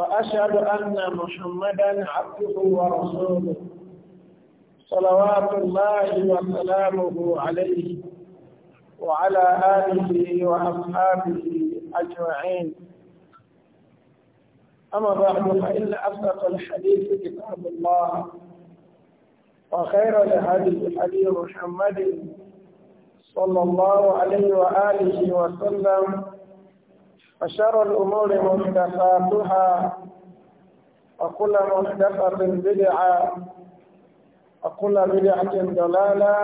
وأشهد أن محمدا عبده ورسوله صلوات الله وسلامه عليه وعلى آله وأصحابه أجمعين أما بعد فإن أصدق الحديث كتاب الله وخير الهدي الحديث محمد صلى الله عليه وآله وسلم أشار الأمور محدثاتها وكل محدثة بدعة وكل بدعة ضلالة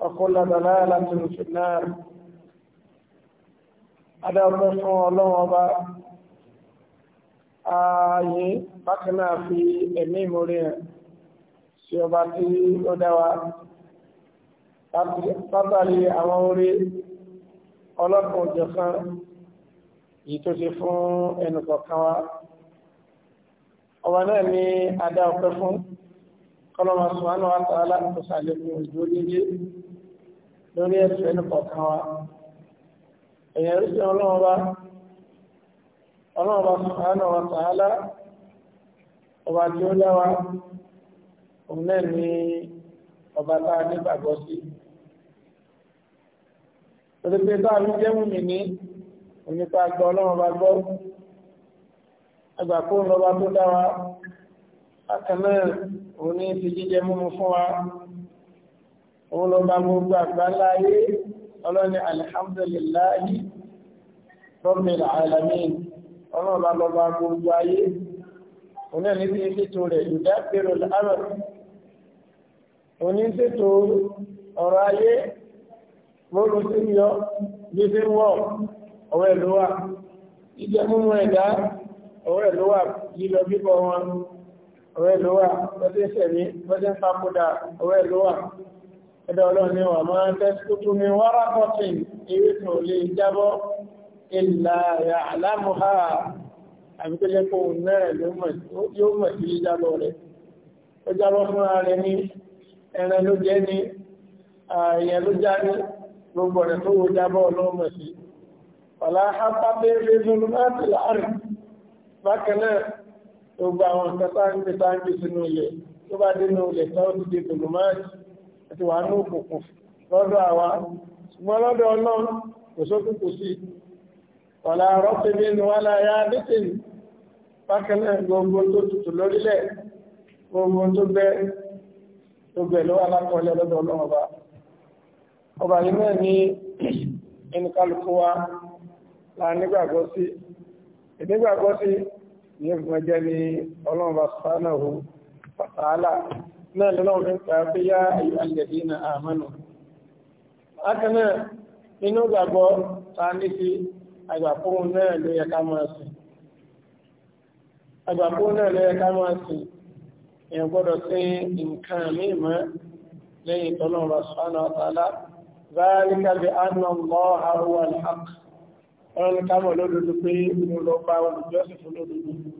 وكل ضلالة في النار هذا هو الله ààyè bákan بقنا في ẹ̀mí ìmúrí ẹ̀ sí ọba tí ó dáwà ọlọ́pàá òjò kan yìí tó ṣe fún ẹnu kọ̀ọ̀kan wa ọba náà ní adá ọpẹ́ fún kọlọmọ sùmánù wa tààlà kò sàlékún ìdúró déédéé lórí ẹ̀sùn ẹnu kọ̀ọ̀kan wa èèyàn rí sí ọlọ́wọ́ bá ọlọ́wọ́ bá sùmánù wa ọba tí ó dáwà òun náà ní ọba tá a nígbàgbọ́ sí i pẹ̀lẹ́pẹ̀ bá mi jẹ́ mú mi ní onípa gbọ́ ọlọ́run bá gbọ́ agbàkó ń lọ́ba tó dá wa bákan náà òun ní ti jíjẹ múmu fún wa òun lọ́ba gbogbo àgbáńlá ayé ọlọ́ni alihamdulilayi rọ́bìnrin alamin ọlọ́run bá lọ́ba gbogbo ayé òun náà ní ti ṣètò rẹ̀ ìdábẹ̀rẹ̀ àmọ̀ òun ní ṣètò ọ̀rọ̀ ayé mọ́rù sí yọ bí sí wọ́ ọwọ́ ẹ̀ ló wà jíjẹ múmú ẹ̀dá ọwọ́ ẹ̀ ló wà lílọ bíbọ wọn ọwọ́ ẹ̀ ló wà bọ́sẹ̀ sẹ̀mí bọ́sẹ̀ papòdà ọwọ́ ẹ̀ ló wà ẹ̀dá ọlọ́run ni wà máa ń tẹ́sùkú mi wára kọ́tìn eré kan ló jẹ́ ní ààyẹ̀ ló já ní gbogbo ọ̀rẹ́ tó wo jábọ́ ọlọ́mọ sí ọ̀lá hápábé rézolú láti láàrin bákan náà gbogbo àwọn nǹkan táǹgbé táǹgbé sínú ilẹ̀ tó bá dénú ilẹ̀ táwọn ti dé tòlùmáàtì àti wàá ní òkùnkùn lọ́dọ̀ àwa ṣùgbọ́n lọ́dọ̀ ọlọ́run kò sókùn kò sí ọ̀là rọ́pẹ̀lẹ́ ni gbogbo tó bẹ́ tó bẹ̀ ló wà lọ́dọ̀ ọlọ́run ọba ọba yìí náà ní wa la nígbàgbọ́ sí ìnígbàgbọ́ sí ní ìfúnmọ́jẹ́ ní ọlọ́run bá subhanahu wa ta'ala náà lọ́wọ́ fi ń pa pé yá alladhina amanu. bákan náà nínú gbàgbọ́ ta ní sí àgbàpóhùn náà ló yẹ ká máa sìn. àgbàpóhùn náà ló yẹ ká máa sìn èèyàn gbọ́dọ̀ sí nǹkan mímọ́ lẹ́yìn tọ́lọ́run bá subhanahu ذلك بأن الله هو الحق أن كما لدتقي من الربا والجوسف لدتقي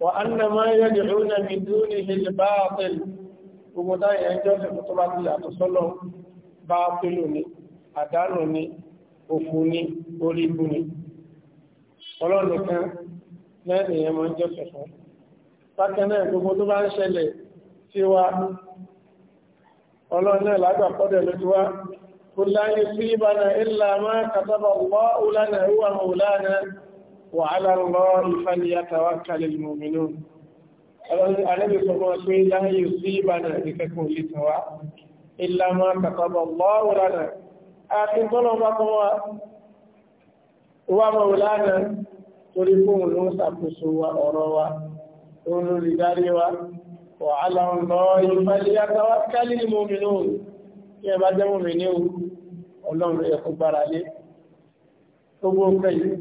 وأن ما يدعون من دونه الباطل ومدعي أن جوسف طبعا لا تصلوا باطلني أدانني òfúnni orígbúni ọlọ́run kan lẹ́yìn èèyàn máa ń jọ́sìn fún bákan náà gbogbo tó bá ń ṣẹlẹ̀ sí wa ọlọ́run náà lágbàpọ̀dẹ̀ lójú wa قل لا يصيبنا إلا ما كتب الله لنا هو مولانا وعلى الله فليتوكل المؤمنون النبي الله عليه وسلم لا يصيبنا بكل سواء إلا ما كتب الله لنا آخر طلبة هو هو مولانا تريكم نوسى بسوى أروى قولوا لداري وعلى الله فليتوكل المؤمنون tí ẹ bá jẹ́mú mi ní ewu ọlọ́run yẹ kó gbára lé gbogbo nǹkan yìí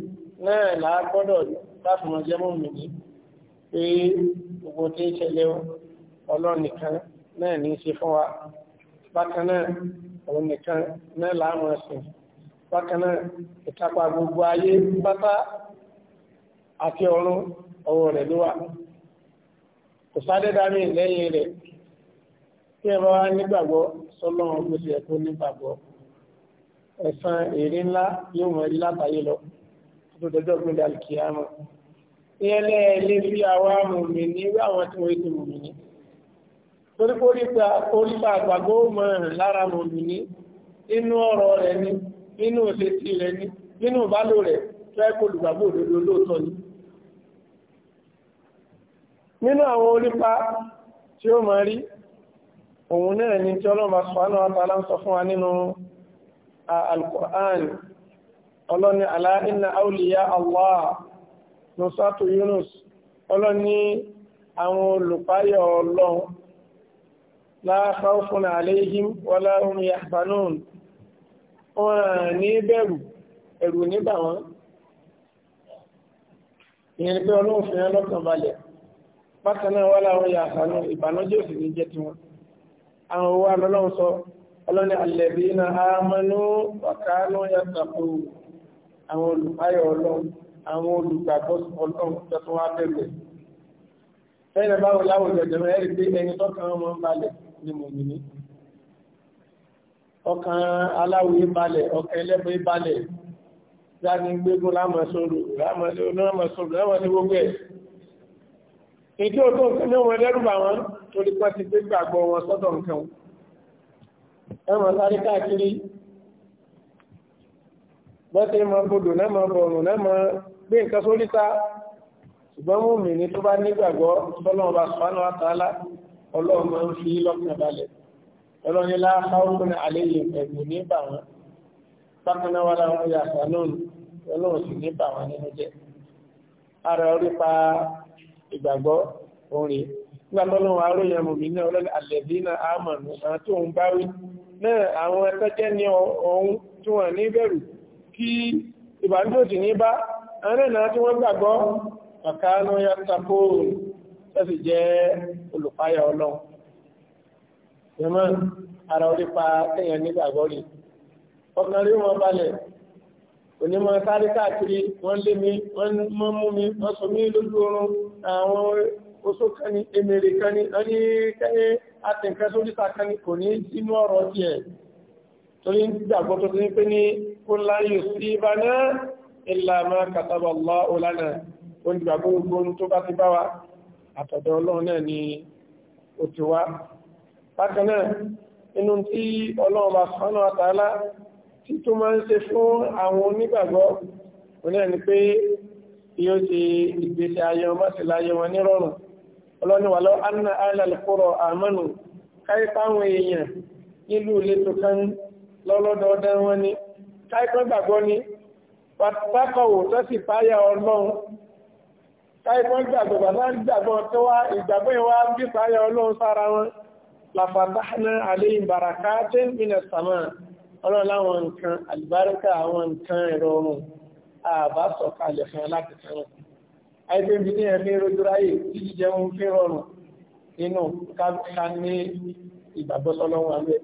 náà là á gbọ́dọ̀ láti mọ jẹ́mú mi ní pé gbogbo tí ń ṣẹlẹ̀ ọlọ́run nìkan náà ní í ṣe fún wa bákan náà òun nìkan náà là á mọ̀ sìn bákan náà ìkápá gbogbo ayé pátá àti ọ̀run ọwọ́ rẹ̀ ló wà kò sáré dání lẹ́yìn rẹ̀ tí ẹ bá wá nígbàgbọ́ sọlọ́run ló ṣe ẹ̀kọ́ nígbàgbọ́ ẹ̀san èrè ńlá yóò mọ̀ rí látàyè lọ tó dọjọ́ pé dàlù kì á mọ̀. ìyẹn lè fi àwa mùmìnì wí àwọn tí wọ́n ti mùmìnì. torí pé orípa àgbàgbọ́ mọ̀ lára mùmìnì inú ọ̀rọ̀ rẹ̀ ni inú òṣèṣì rẹ̀ ni nínú ìbálò rẹ̀ tó ẹ̀kọ́ olùgbàgbọ́ òdodo lóòótọ́ ni. nínú àwọn orípa tí ó mọ̀ rí òun náà ni tí ọlọ́mà subhanahu wa ta'ala ń sọ fún wa nínú al-Qur'an ọlọ́ni ala inna awliya Allah nusatu Yunus ọlọ́ni àwọn olùpáyọ̀ ọlọ́run la khawfun alayhim wala hum yahzanun wọn ní bẹ̀rù ẹ̀rù nígbà wọn ìyẹn ni pé ọlọ́run fi hàn lọ́kàn balẹ̀ bákan náà wala hum ìbànújẹ́ òsì ní jẹ́ tiwọn àwọn owó alọ́lọ́run sọ ọlọ́ni alẹ́bí iná àmọ́nú ọ̀kánú yàtàkù àwọn olùpáyọ̀ ọlọ́run àwọn olùgbàgbọ́ ọlọ́run tẹ́tún wá bẹ̀rẹ̀ ẹ̀rẹ̀ báwo láwùjọ jẹ̀mọ́ ẹ̀rí pé ẹni tọ́kàn wọn balẹ̀ ni mòmìnì ọkàn aláwòye balẹ̀ ọkàn ẹlẹ́bọ̀ balẹ̀ jáde gbégun lámọ̀ sọ̀rọ̀ lámọ̀ sọ̀rọ̀ lámọ̀ sọ̀rọ̀ lámọ̀ ní gbogbo ẹ̀ èdè òtó nǹkan ní ọmọ ẹlẹ́rùbà wọn torí pẹ́ ti gbé gbàgbọ́ wọn sọ́dọ̀ nǹkan ẹmọ̀ sáré káàkiri bọ́tẹ́ ma bodò náà ma bọ̀rùn náà ma gbé nǹkan sórí sá ṣùgbọ́n mú mi ní tó bá nígbàgbọ́ tọ́lọ́wọ́ bá sọ́nà àtàlá ọlọ́run máa ń fi lọ́kàn balẹ̀ ọlọ́run ilá káwọ́kùnrin àléyìn ẹ̀gbìn ní bà wọn bákanáà wà láwọn yàtọ̀ náà ọlọ́run sì ní bà wọn nínú jẹ́ ara orí pa ìgbàgbọ́ orin nígbàtọ́lọ́ àróyìn àmòmí náà ọlọ́lẹ̀ àlẹ̀dínà àmànù àti òun bá wí náà àwọn ẹgbẹ́jẹ́ ní ọun tí wọ́n ní bẹ̀rù kí ìbànújòjì ní bá tí wọ́n gbàgbọ́ onímọ̀ sáré káàkiri wọ́n lé mi wọ́n mú mi wọ́n sọ mí lójú oorun àwọn oṣó kẹni emèrè kani wọ́n ní kẹ́ni àtẹ̀kẹ́ sóríta kẹni kò ní sínú ọ̀rọ̀ tiẹ̀ torí gbàgbọ́ tó ti ń pé ní kó láyò sí ìbáná ìlànà kàtàbà lọ́ òlànà olùgbàgbọ́ gbogbo tó bá ti bá wa àtọ̀dọ̀ ọlọ́run náà ni ó ti wá bákan náà inú tí ọlọ́run bá sọ́nà àtàlá tí tó máa ń ṣe fún àwọn onígbàgbọ́ òun náà ni pé yóò ṣe ìgbésẹ̀ ayé wọn máṣe láyé wọn nírọ̀rùn ọlọ́niwà lọ anna alàlùkúrọ̀ àmọ́nù káípá àwọn èèyàn nílùú ìletò kan lọ́lọ́dọọdẹ wọn ni káípá gbàgbọ́ ni pátákọ̀wò tó sì fáyà ọlọ́run káípá gbàgbọ́ bàbá gbàgbọ́ tó wá ìgbàgbọ́ ìwá bí fáyà ọlọ́run sára wọn làfàtà ọlọ́run láwọn nǹkan àlùbáríkà àwọn nǹkan ẹ̀rọ ọrùn àbá sọ̀kalẹ̀ fún láti fẹ́ràn àìpé ibi ní ẹ̀mí rojú ráyè tí jíjẹ ń fi rọrùn nínú ká ní ìgbàgbọ́ sọlọ́run àbẹ́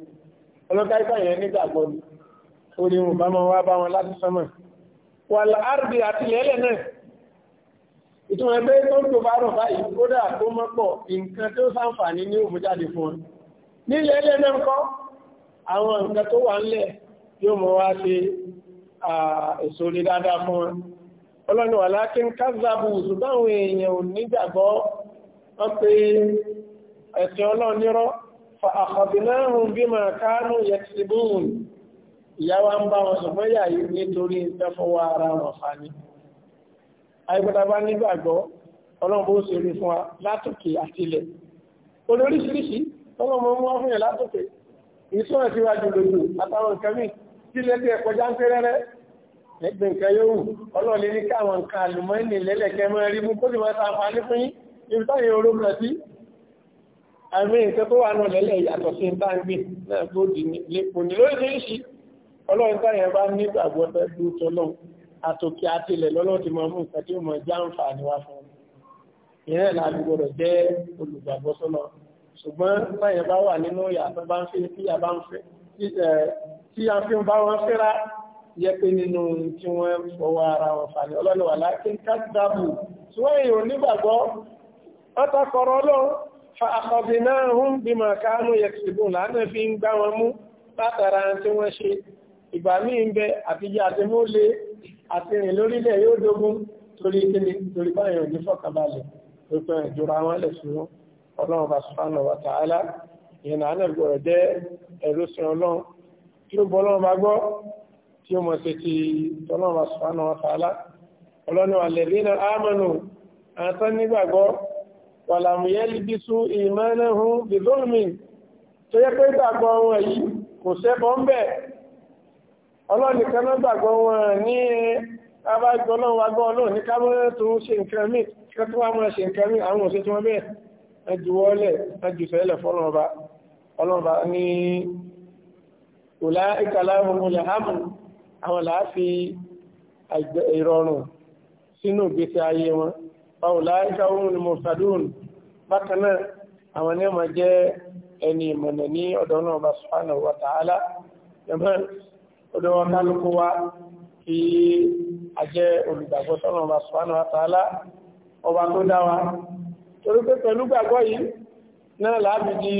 ọlọ́ka ìgbà yẹn nígbàgbọ́ ni orí wọn bá máa wá bá wọn láti sánmọ̀ wà láàrùbí àti lẹ́lẹ̀ náà ìtumọ̀ ẹgbẹ́ tó ń tó bá rọ̀ báyìí kódà tó mọ́pọ̀ nǹkan tó sáǹfààní ní òmùjáde àwọn nǹkan tó wà ńlẹ̀ yóò mọ̀ wá ṣe èso lè dáadáa fún wọn ọlọ́ni wà láti ń kázábù ṣùgbọ́n èèyàn ò nígbàgbọ́ wọ́n pé ẹ̀sìn ọlọ́nirọ́ fa àkọ̀bìnáhùn bí máa káánù yẹtìbùn ìyáwá ń bá wọn ṣùgbọ́n yà yìí nítorí ìtẹ́fọwọ́ ara wọn fani àìgbọ́dá bá nígbàgbọ́ ọlọ́run bó ṣe rí fún wa ìsúnà síwájú lójú àtàwọn nǹkan míì tí lẹ́tẹ̀ ẹ̀kọjá ń pẹ́ rẹ́rẹ́ ẹgbẹ̀ nǹkan yóò ọlọ́ọ̀lẹ́ ní káwọn nǹkan àlùmọ́ọ́nì lẹ́lẹ̀kẹ́ mọ́ rí mú kó sì máa sàǹfààní fún yín ibi táyé orókùnrin sí àmì nǹkan tó wà náà lẹ́lẹ̀ yàtọ̀ sí ń táǹgbì náà tó dì ní lépo ní lóríṣiríṣi ọlọ́run táyẹ̀ bá ní ìgbàgbọ́ tẹ́lú tọ́lọ́run àtòkè àtìlẹ̀ lọ́lọ́run ti máa mú nǹkan tí ó máa já ń fà níwá fún un ìrẹ́lẹ̀ àdúgbò rẹ̀ jẹ́ olùgbàgbọ́sọ́lọ́run ṣùgbọ́n báyẹn bá wà nínú ìyà tó bá ń fẹ́ tí a bá ń fẹ́ tí a fi ń bá wọn fẹ́ra yẹ pé nínú tí wọ́n fọwọ́ ara wọn fà ní ọlọ́lọ́wà láti ń kásìdábù tí wọ́n èèyàn onígbàgbọ́ ọ́tàkọ̀rọ̀ ọlọ́run fa àkọ́bí náà hún bí mà kánú yẹ kìbù lánà fi ń gbá wọn mú látara tí wọ́n ṣe ìgbà míì ń bẹ àtijọ́ àti mólè àti rìn lórílẹ̀ yóò dogun torí kíni torí báyọ̀ ní fọkànbalẹ̀ pẹ̀pẹ̀ ìjọra wọn lẹ̀ sí wọn ọlọ́run bá sùpánà wà tààlà ìyẹn náà náà gbọ́dọ̀ jẹ́ ẹ̀rú sí ọlọ́run tí ó bọ́ ọlọ́run bá gbọ́ tí ó mọ̀ sí ti ọlọ́run bá sùpánà wà tààlà ọlọ́run wà lẹ́bí náà ámọ́nù àtọ́ nígbàgbọ́ wà làmúyẹ́lì bí sú ìmọ̀lẹ́hún bìlómi tó yẹ pé gbàgbọ́ wọn yìí kò sẹ́bọ̀ abájọ́ ọlọ́run wá ọlọ́run ní kámọ́ tó ń ṣe nǹkan míì kí wá mọ́ ṣe nǹkan míì àwọn òṣèṣ ẹjúwọ́lẹ̀ ẹjùsẹ́lẹ̀ fọ́lọ́ọ̀bá ọlọ́ọ̀bá ní ọlá ìkàláhùnmùlẹ̀ hàmù àwọn láàfi ìrọ̀rùn sínú gbèsè ayé wọn ọlá ìkàláhùnmùlẹ̀ mọ̀sàdún bákanáà àwọn ní ọmọ jẹ́ ẹni ìmọ̀nà ní ọ̀dọ̀ náà bá subhanahu wa ta'ala yẹmọ́ ọdọ̀ wọn kálukú wa kí a jẹ́ olùgbàgbọ́ sọ́nà bá ọba tó dá wa torí pé pẹ̀lú gbàgbọ́ yìí náà láàbí di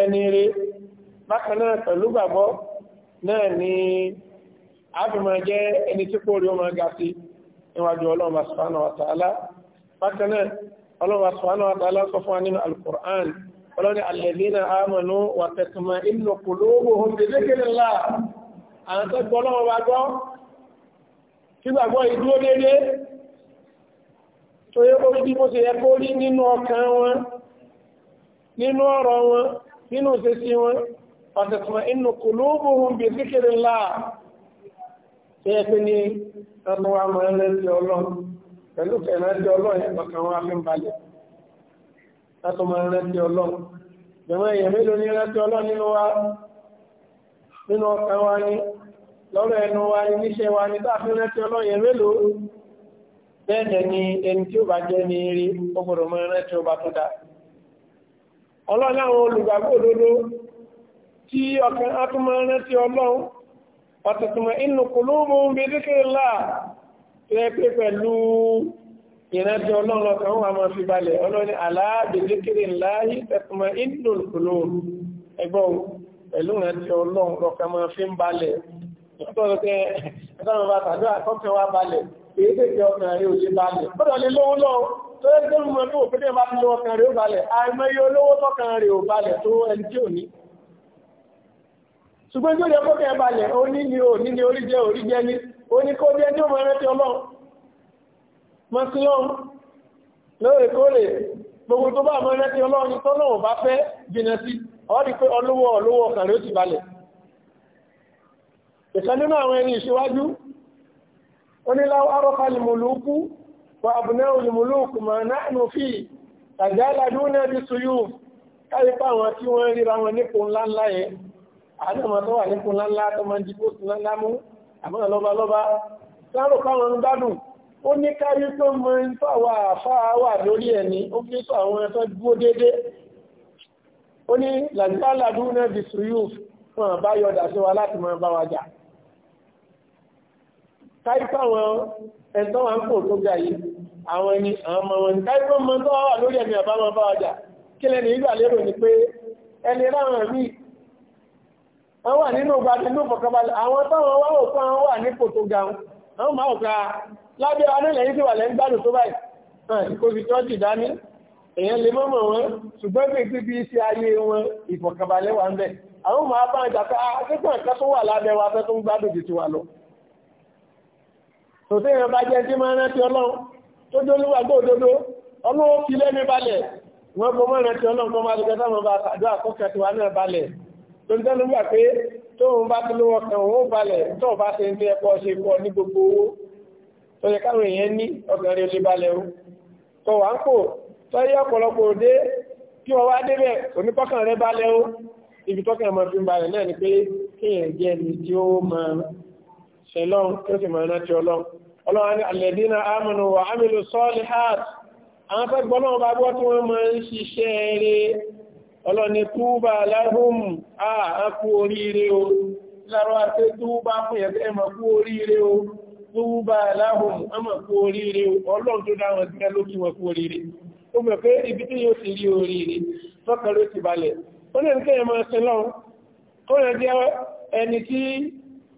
ẹni rẹ bákan náà pẹ̀lú gbàgbọ́ náà ni àfihàn jẹ́ ẹni tí kò rí ọmọ ga sí níwájú ọlọ́run subhanahu wa ta'ala bákan náà ọlọ́run subhanahu wa ta'ala sọ fún wa nínú al-Qur'an ọlọ́ni alladhina amanu wa tatma'innu qulubuhum bi dhikrillah àwọn tó gbọ́ lọ́wọ́ wa gbọ́ kí gbàgbọ́ yìí dúró déédéé tó yẹ kó bí bó ṣe yẹ kó rí nínú ọkàn wọn nínú ọ̀rọ̀ wọn nínú ìṣesí wọn ọ̀tẹ̀tùmọ̀ inú kulubuhum bi zikrillah tó yẹ pé ní ọmọ wa máa ń rẹ́sí ọlọ́run pẹ̀lú kẹrẹ́sí ọlọ́run yẹn ọkàn wọn fi ń balẹ̀ láti máa ọlọ́run jẹ̀mọ́ ni lọ́rọ̀ ẹnu ni níṣẹ́ ni tá a fi rẹ́sí bẹ́ẹ̀ ni ẹni tí ó bá jẹ́ ní rí ọgbọ̀rọ̀ mọ́ ẹran tí ó bá tó dá ọlọ́run àwọn olùgbàgbọ́ òdodo tí ọkàn átúmọ̀ ẹran tí ọlọ́run ọ̀tọ̀tùmọ̀ inú kòlóòmù bèdékèlá rẹ̀ pé pẹ̀lú ìrántí ọlọ́run ọkàn wà máa fi balẹ̀ ọlọ́run aláàbèdékèlá yìí tẹ̀tùmọ̀ inú kòlóòmù ẹgbọ́n pẹ̀lú ìrántí ọlọ́run èyí tètè ọkàn rẹ̀ ò ṣe balẹ̀ gbọ́dọ̀ lè lówó lọ́wọ́ tó yẹ kí mọ̀ tó òfin bá ti lọ ọkàn rẹ̀ ò balẹ̀ àìmọye olówó tọkàn rẹ̀ ò balẹ̀ tó ẹni tí ò ní ṣùgbọ́n tí ó yẹ kókè balẹ̀ ó ní ni ò ní ni orí jẹ́ orí jẹ́ ní ó ní kó jẹ́ ní ọmọ ẹrẹ́ tí ọlọ́run mọ́ sí lọ́run lóòrèkóòrè gbogbo tó bá ọmọ ẹrẹ́ tí ọlọ́run tó náà bá fẹ́ jìnà sí ó pé olówó olówó ọkàn ó ti balẹ̀ oníláwọ́ arọ́fà lèmọ̀lúkú wà àbùnáwò lèmọ̀lúkú ma náànù fi tàjálàdúnà bí suyú káyípa àwọn tí wọ́n ríra wọn nípò ńláńlá yẹ àdàmà tó wà nípò ńláńlá tó máa ń dìbò sí ńláńlá mú àmọ́ lọ́balọ́ba sáàrò káwọn ń gbádùn ó ní káyí tó mọ ń tọ́ àwọn àfáà wà lórí ẹni ó fi káyípa àwọn ẹ̀tọ́ wa ń kò tó ga yìí àwọn ẹni àwọn ọmọ wọn káyípa ọmọ tó wà lórí ẹ̀mí àbá wọn bá ọjà kí lẹ́nu ìgbà lérò ni pé ẹni ráwọn mí wọ́n wà nínú ọgbà nínú ìfọ̀kànbalẹ̀ àwọn táwọn wá òkú àwọn wà ní kò tó ga wọn àwọn máa òkà ah, lábẹ́ anílẹ̀ yìí ti wà lẹ́nu gbádùn tó báyìí kò sì tọ́jú dání èèyàn lè mọ́mọ̀ wọn ṣùgbọ́n pé tí bí iṣẹ́ ayé wọn ìfọ̀kànbalẹ̀ wà ń bẹ̀ àwọn máa bá ìjàkà akẹ́kọ̀ọ́ ẹ̀kọ́ tó wà lábẹ́ wa fẹ́ tó ń gbádùn ti wa lọ tòtí èèyàn bá jẹ́ tí máa rántí ọlọ́run tó jẹ́ olúwàgbọ́ òdodo ọlọ́wọ́ fi lẹ́nu balẹ̀ wọ́n bọ́ mọ́ rántí ọlọ́run kọ́ máa lùkẹ́ sáwọn bá àdó àkọ́kẹ́ tiwa náà balẹ̀ tó ń tẹ́lu gbà pé tó ń bá tún lówó kan òun balẹ̀ tó bá ṣe ń tẹ́ ẹ̀kọ́ ṣe kọ́ ní gbogbo owó tó yẹ káwọn èèyàn ní ọkàn rẹ̀ lè balẹ̀ o tó sẹlọ́n tó sì máa rántí ọlọ́n ọlọ́run ní alladhina amanu wa amilu salihat àwọn fẹ́ gbọ́ náà bá gbọ́ tí wọ́n máa ń ṣiṣẹ́ eré ọlọ́ni túbà lahum àákú oríire o lárọ́ àti túbà fún ẹ̀fẹ́ ẹmọ̀ kú oríire o túbà lahum ẹmọ̀ kú oríire o ọlọ́run tó dáwọn ẹgbẹ́ ló kí wọn kú oríire ó mọ̀ pé ibi tí yóò ti rí oríire lọ́kàn ló ti balẹ̀ ó ní ẹni tí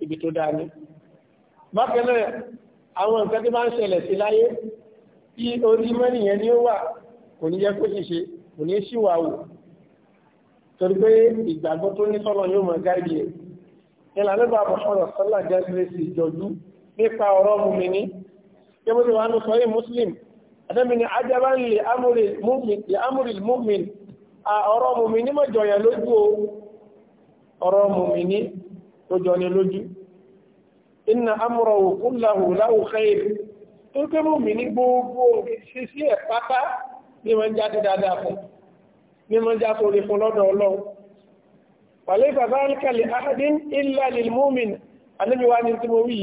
ibi tó dáa ní. bákan náà àwọn nǹkan tí máa ń ṣẹlẹ̀ sí láyé tí orí mẹ́rin ni ó wà kò ní jẹ́ kó ṣiṣe kò ní ṣìwà wò torí pé ìgbàgbọ́ tó ní sọ́nà yóò mọ̀ gáàdì ẹ̀ ìlànà bá bọ̀ sọ̀rọ̀ sọ́là jẹ́sìrẹ́sì ìjọ̀jú nípa ọ̀rọ̀ mùmí ní yóò ti wà ní sọ́yìn muslim àtẹ́mi ni ajaba ń lè amúrì mùmí ọ̀rọ̀ mùmí ní mọ̀jọ̀yàn lójú ọ̀rọ̀ mùmí ní tó jọ ní lójú inna amúrọ̀wò kúláhù láwù khayr tó ké mú mi ní gbogbo ṣíṣí ẹ̀ pátá ní wọ́n jáde dáadáa fún ní wọ́n já sórí fún lọ́dọ̀ ọlọ́run pàlẹ́ bàbá alkali ahadin illa lil mu'min anábì wa ní tí mo wí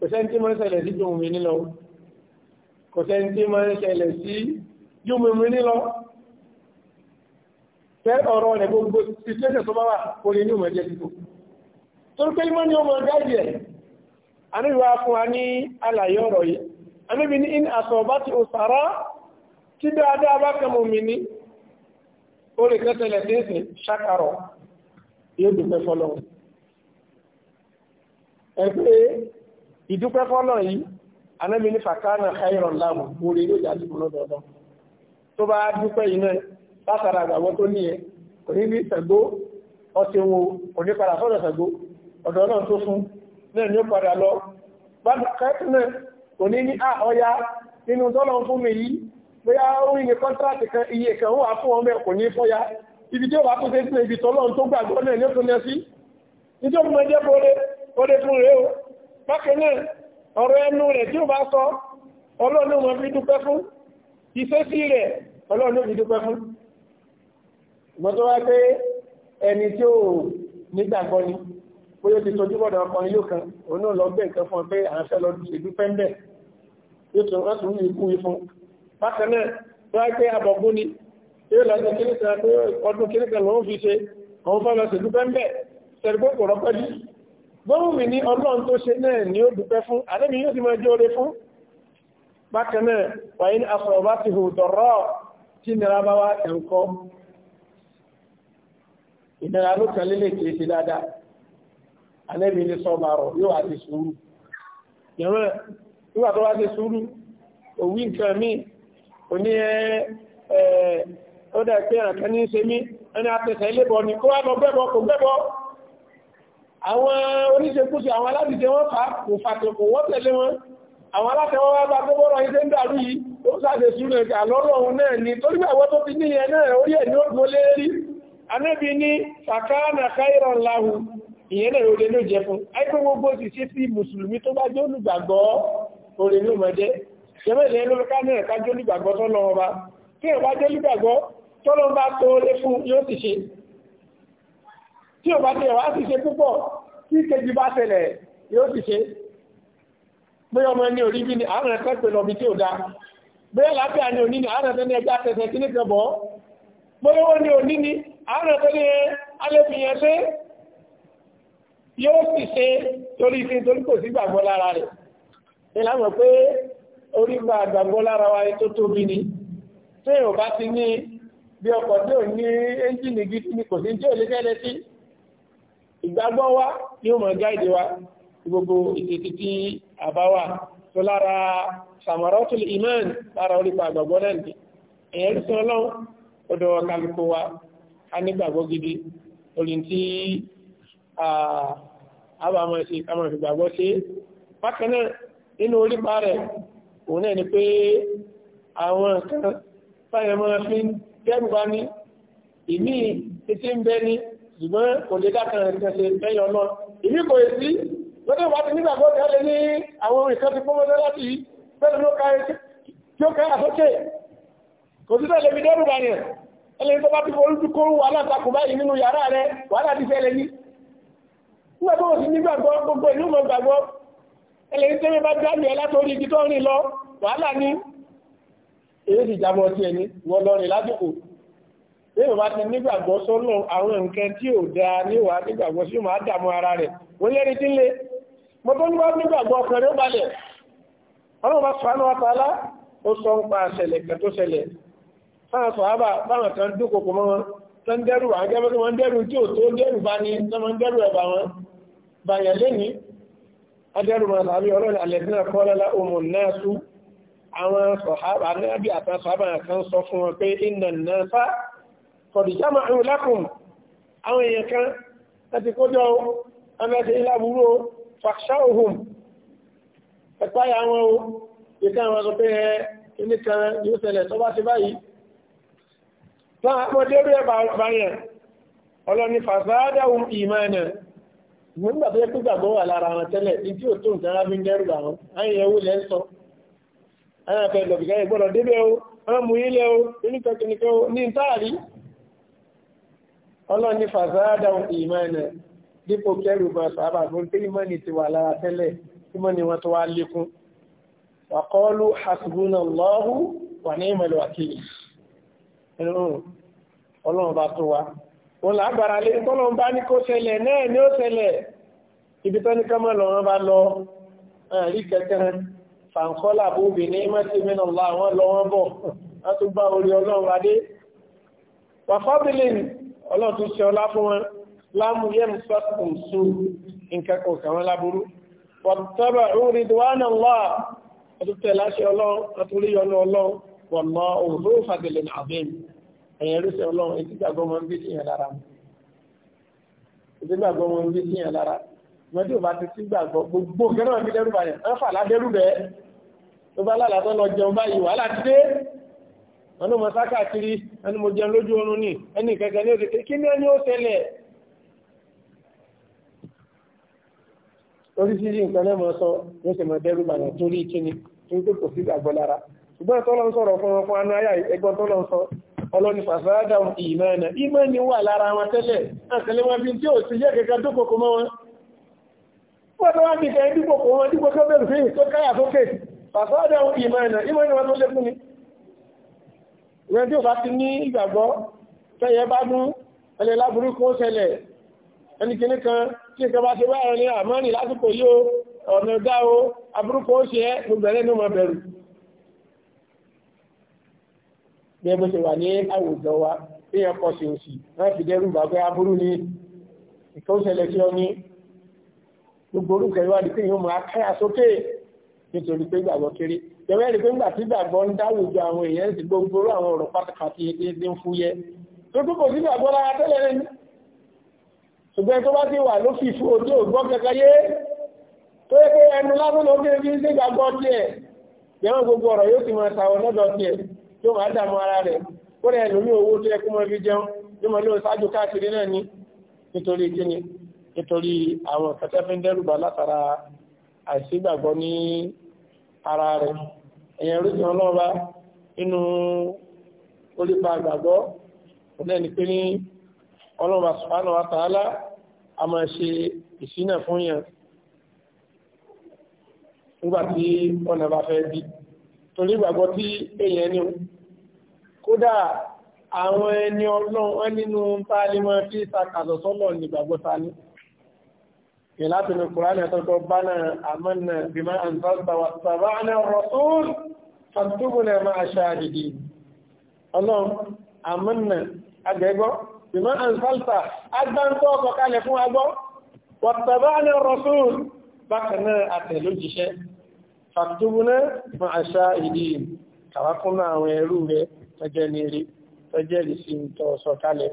kò sẹ́ni tí mo ń ṣẹlẹ̀ sí ju mi nílọ kò sẹ́ni tí mo ń ṣẹlẹ̀ sí ju mi nílọ fẹ́ ọ̀rọ̀ rẹ̀ gbogbo situation tó bá wà kò ní ní òmìnira jẹ́ tó pé imọ́ ni ó mọ̀ gáàdì ẹ̀ aníwá fún wa ní àlàyé ọ̀rọ̀ yìí aníbi ní in àsọ̀bá ti òsàrá tí dáadáa bá kẹ mọ̀mí ní ó lè kẹsẹ̀lẹ̀ tẹ́sẹ̀ ṣàkàrọ̀ yóò dúpẹ́ fọ́lọ́ ẹ pé ìdúpẹ́ fọ́lọ́ yìí aníbi ní fàkánà káyọ̀rọ̀ láàmù orí ló jà sí kò ní ní ìṣẹ̀gbó ọtí kò ní padà sọ́dọ̀ ìṣẹ̀gbó ọ̀dọ̀ ọlọ́run tó fún náà ni ó padà lọ bákẹ́tìnà kò ní ní àọ́yá nínú tọ́lọ̀ fún mi yìí bóyá ó ń ní kọ́ntrátì kan iye kan ó wà fún ọmọ kò ní fọ́yá ibi tí ó wà fún ṣe sínú ibi tọ́lọ́run tó gbàgbọ́ náà ni ó tún lẹ sí nítorí ọmọ ẹjẹ́ bóre bóre fún ọlọ́run wọn fi dúpẹ́ fún ìṣesí pé ẹni tí ó nígbàgbọ́ ni bóyá ti tọ́jú bọ́dọ̀ ọkọ̀ ilé kan òun náà lọ gbé nǹkan fún ọ pé à ń fẹ́ lọ di ìlú pẹ́ńbẹ̀ yóò tún wọ́n tún ní ikú ifun bákan náà tó wáyé pé abọ̀gbó ni yóò lọ sí kíníkà pé ọdún kíníkà lòun fi ṣe òun fẹ́ lọ sí ìlú pẹ́ńbẹ̀ sẹ́dúgbò kò rọ́pẹ́ jù gbóhùnmí ní ọlọ́run tó ṣe náà ni ó dúpẹ́ fún àdébí yóò ti máa jẹ́ oore fún bákan náà wáyé ní afọ ọba ti hù dọ̀rọ̀ tí nira bá wá ẹ̀ńkọ́ ìnira ló kan lélẹ̀ kìí dáadáa anẹ́bí ní sọ́mà rọ̀ yóò wá ti sùúrù yẹ̀mọ́ nígbà tó wá ti sùúrù òwú nǹkan mi ò ní ẹ ẹ ó dẹ̀ pé àǹkan ní ṣe mí ẹni àtẹ̀sẹ̀ ilébọ̀ ni kó wá lọ bẹ́bọ kò bẹ́bọ àwọn oníṣekúṣe àwọn aládìjẹ wọn fà kò fàtẹ̀ kò wọ́n tẹ̀lé wọn àwọn alátẹ̀wọ́n wá bá gbogbo ọ̀rọ̀ iṣẹ́ ń dàrú yìí ó sáàdé súnrẹ̀ àlọ́rọ̀ òun náà ni torí àwọn tó ti ní ẹ̀ náà orí ẹ̀ ní ó gbólé rí anẹ́bí ní sàkánà káìrọ̀ láhùn ìyẹn náà oore ló jẹ fún ẹgbẹ́ gbogbo ti ṣe sí mùsùlùmí tó bá jẹ́ olùgbàgbọ́ oore ló mọ̀ jẹ́ jẹ́mẹ̀lẹ́ olùká náà ká jẹ́ olùgbàgbọ́ tọ́lọ ọba kí ẹ̀ bá jẹ́ olùgbàgbọ́ tọ́lọ bá tó lé fún yóò ti ṣe tí ò bá tẹ̀ wá ti ṣe púpọ̀ tí kejì bá tẹ̀lẹ̀ yóò ti ṣe pé ọmọ ẹni orí bí ni àárẹ̀ tẹ́ pẹ̀lú ọbí tí ò da bẹ́ẹ̀ lápẹ́ àní òní ni àárẹ̀ tẹ́lẹ̀ ẹja tẹ̀sẹ̀ kí ní kan bọ́ bóyá ó ní òní ni àárẹ̀ tẹ́lẹ̀ alẹ́ yóò sì ṣe torí fi torí kò sí gbàgbọ́ lára rẹ̀ ìlànà pé orí bá gbàgbọ́ lára wa tó tóbi ni tí ò bá ti ní bí ọkọ̀ tí ò ní ẹ́ńjìnì gidi ni kò sí tí ò lè fẹ́lẹ́ sí ìgbàgbọ́ wa yóò mọ̀ gáìdì wa gbogbo ìtètè tí a bá wà tó lára samaratul iman lára orí bá gbàgbọ́ náà ni èyàn sọ lọ́wọ́ ọdọ̀ kálukú wa a nígbàgbọ́ gidi orí tí àbàmọ̀ sí àmọ̀ ìgbàgbọ́ sí bákan náà nínú orípa rẹ̀ òun náà ni pé àwọn kan fáyẹ̀ mọ́ fi ń dẹ́rù bá ní ìmí títí ń bẹ́ ní ṣùgbọ́n kò lè dákan ìrìnṣẹ́ lẹ́yìn ọ̀nà ìmí kò yẹ sí lọ́dọ̀ wá ti nígbàgbọ́ tẹ́lẹ̀ ní àwọn ìkan ti fún mọ́tẹ́ láti fẹ́lẹ̀ ló ka tí ó kára sókè kò sí tẹ́lẹ̀ mi dẹ́rù bá nígbà tó wọ́n ti nígbàgbọ́ gbogbo ìlú mọ̀ gbàgbọ́ ẹlẹ́yìn tẹ́lẹ̀ bá dáàbì ẹ látòrí ibi tó rìn lọ wàhálà ní èyí sì jábọ̀ tí ẹni wọ́n lọ rìn lásìkò bí bàbá ti nígbàgbọ́ sọ́nà àwọn nǹkan tí ò dáa níwàá nígbàgbọ́ sí máa dààmú ara rẹ̀ wọ́n yẹ́ni tí ń mo tó nígbàgbọ́ ọkàn ó balẹ̀ ọlọ́run pa ṣẹlẹ̀ kan tó ṣẹlẹ̀ fáwọn sọ̀hábà báwọn kan dúnkokò mọ́ wọn tó ń dẹ́rù àwọn bàyàn lẹ́ni adẹ́rùmọ̀ àbí ọlọ́rin alẹ́dínà kọ́lọ́lá ohun náà sú àwọn sọ̀hábà náà bí àtàṣàbà kan sọ fún wọn pé iná náà fá kọ̀dìjámà ń lákùn àwọn èèyàn kan láti kójọ amẹ́sẹ̀ ìlàbúrò fàṣà ohun ẹ̀páyà wọn o ìkà àwọn sọ pé ẹni kan yóò ṣẹlẹ̀ tó bá ti báyìí láàpọ̀ débẹ̀ bàyàn ọlọ́ni fàṣà dáhùn ìmọ̀ náà mo ń gbàgbé pé gbàgbọ́ wà lára wọn tẹ́lẹ̀ ní tí ò tó nǹkan rábí ń dẹ́rù àwọn ayẹyẹ owó lẹ́ ń sọ ayẹyẹ afẹ́ lọ bìkan ìgbọ́dọ̀ débẹ̀ o wọ́n mú ilẹ̀ o oníkẹ́kẹ́kẹ́ o ní ntáàrí ọlọ́run ní fàzádà ìmánà dípò kẹrù bá sábà fún pé ìmánì ti wà lára tẹ́lẹ̀ ìmánì wọn tó wá lékún wàkọ́ọ́lù hasbunallahu wà ní ìmọ̀lẹ̀ òun lágbára lé tọ́lọ́ bá ní kó ṣẹlẹ̀ náà ni ó ṣẹlẹ̀ ibi tó ní kọ́mọ́ lọ́wọ́ bá lọ rí kẹ̀kẹ́ fàǹkọ́là bóbi ní mẹ́tì mìíràn lọ àwọn lọ́wọ́ bọ̀ wọ́n tún bá orí ọlọ́run adé wàfábìlìn ọlọ́run tún ṣe ọlá fún wọn láàmú yẹn sọ́kùn sú nǹkan kò kàwọn láburú wàtútọ́bà orí ẹ̀yìn ẹlẹ́sẹ̀ ọlọ́run etí gbàgbọ́ ọmọ ń bí sí yẹn lára etí gbàgbọ́ ọmọ ń bí sí yẹn lára ìmọ̀tí ò bá ti sí gbàgbọ́ gbogbo kẹ́rọ mi dẹ́rù bàyàn ẹ fà ládẹ́rù bẹ́ẹ̀ tó bá lálàá tó lọ jẹun báyìí wàhálà ti dé wọn ló mọ sáká kiri ẹni mo jẹun lójú oorun ni ẹni kẹkẹ ní òde kí ni ẹni ó tẹlẹ oríṣiríṣi nǹkan náà mọ sọ ní ṣe mọ dẹ́rù bàyàn torí torí pé ọlọ́ni fàfáàdà ìmẹ́ẹ̀nà ìmẹ́ni wà lára wọn tẹ́lẹ̀ àtẹ́lẹ̀ wọn bí tí ó ti jẹ́ kẹta tó kòkó mọ́ wọn pọ́tọ́ wọn bí kẹ́ dípò kò wọn dípò tó bẹ̀rù sí tó káyà sókè fàfáàdà ìmẹ́ẹ̀nà ìmẹ́ni wọn tó lékún ni wọn tí ó bá ti ní ìgbàgbọ́ tẹ́yẹ bá mú ẹlẹ́ láburú kó ṣẹlẹ̀ ẹnikẹ́ni kan tí ìkan bá ti bá ẹrin àmọ́ni bẹ́ẹ̀ bó ṣe wà ní àwùjọ wa bí ẹ kọ́ sí òsì wọ́n fi dẹ́rù bàbá aburú ní ìkọ́sẹ̀lẹ̀ tí ó ní gbogbo orúkọ ìwádìí pé yóò máa káyà sókè nítorí pé gbàgbọ́ kéré jẹ́wọ́ ẹ̀rí pé ńgbà tí gbàgbọ́ ń dáwùjọ àwọn èèyàn sì gbogbo àwọn ọ̀rọ̀ pátákàtì ẹgbẹ́ ń fúyẹ́ tó tún kò sí gbàgbọ́ lára tẹ́lẹ̀ rẹ̀ ṣùgbọ́n tó bá ti wà ló fi fún ojú ògbọ́ kẹkẹyé tó yẹ pé ẹnu lásán ló kéré bí ń sí gbàgbọ́ tiẹ̀ jẹ́wọ́ gbogbo ọ̀rọ̀ yóò ti máa ta ọ lọ́dọ̀ tiẹ̀ yóò máa dààmú ara rẹ̀ ó rẹ̀ lómi owó tó yẹ kó mọ́ fi jẹun yóò máa lóò ṣáájú káàkiri náà ni nítorí kíni nítorí àwọn kẹtẹ́ fi ń dẹ́rùbà látara àìsígbàgbọ́ ní ara rẹ̀ ẹ̀yẹn orí kan lọ́ba nínú orípa àgbàgbọ́ ọ̀dẹ́ ni pé ní ọlọ́ba subhanahu wa ta'ala a máa ṣe ìṣínà fún yàn nígbà tí ọ̀nà bá fẹ́ bí torí ìgbàgbọ́ tí èèyàn ní kódà àwọn ẹni ọlọ́run wọ́n nínú ta lè mọ́ fi sàkàlọ̀ sọ́lọ̀ nígbàgbọ́ ta ní ìlàtínú kùránì àtọ́kọ́ bá náà àmọ́nà bí máa ń sọ́sàwà sàbá náà rọ̀tún fàtúbùnà máa ṣáàdìdì ọlọ́run àmọ́nà agbẹ́gbọ́ bí máa agbáńtọ́ ọkọ̀ tọ́jẹ́ ní eré tọ́jẹ́ rí sí ìtọ̀ sọ̀kalẹ̀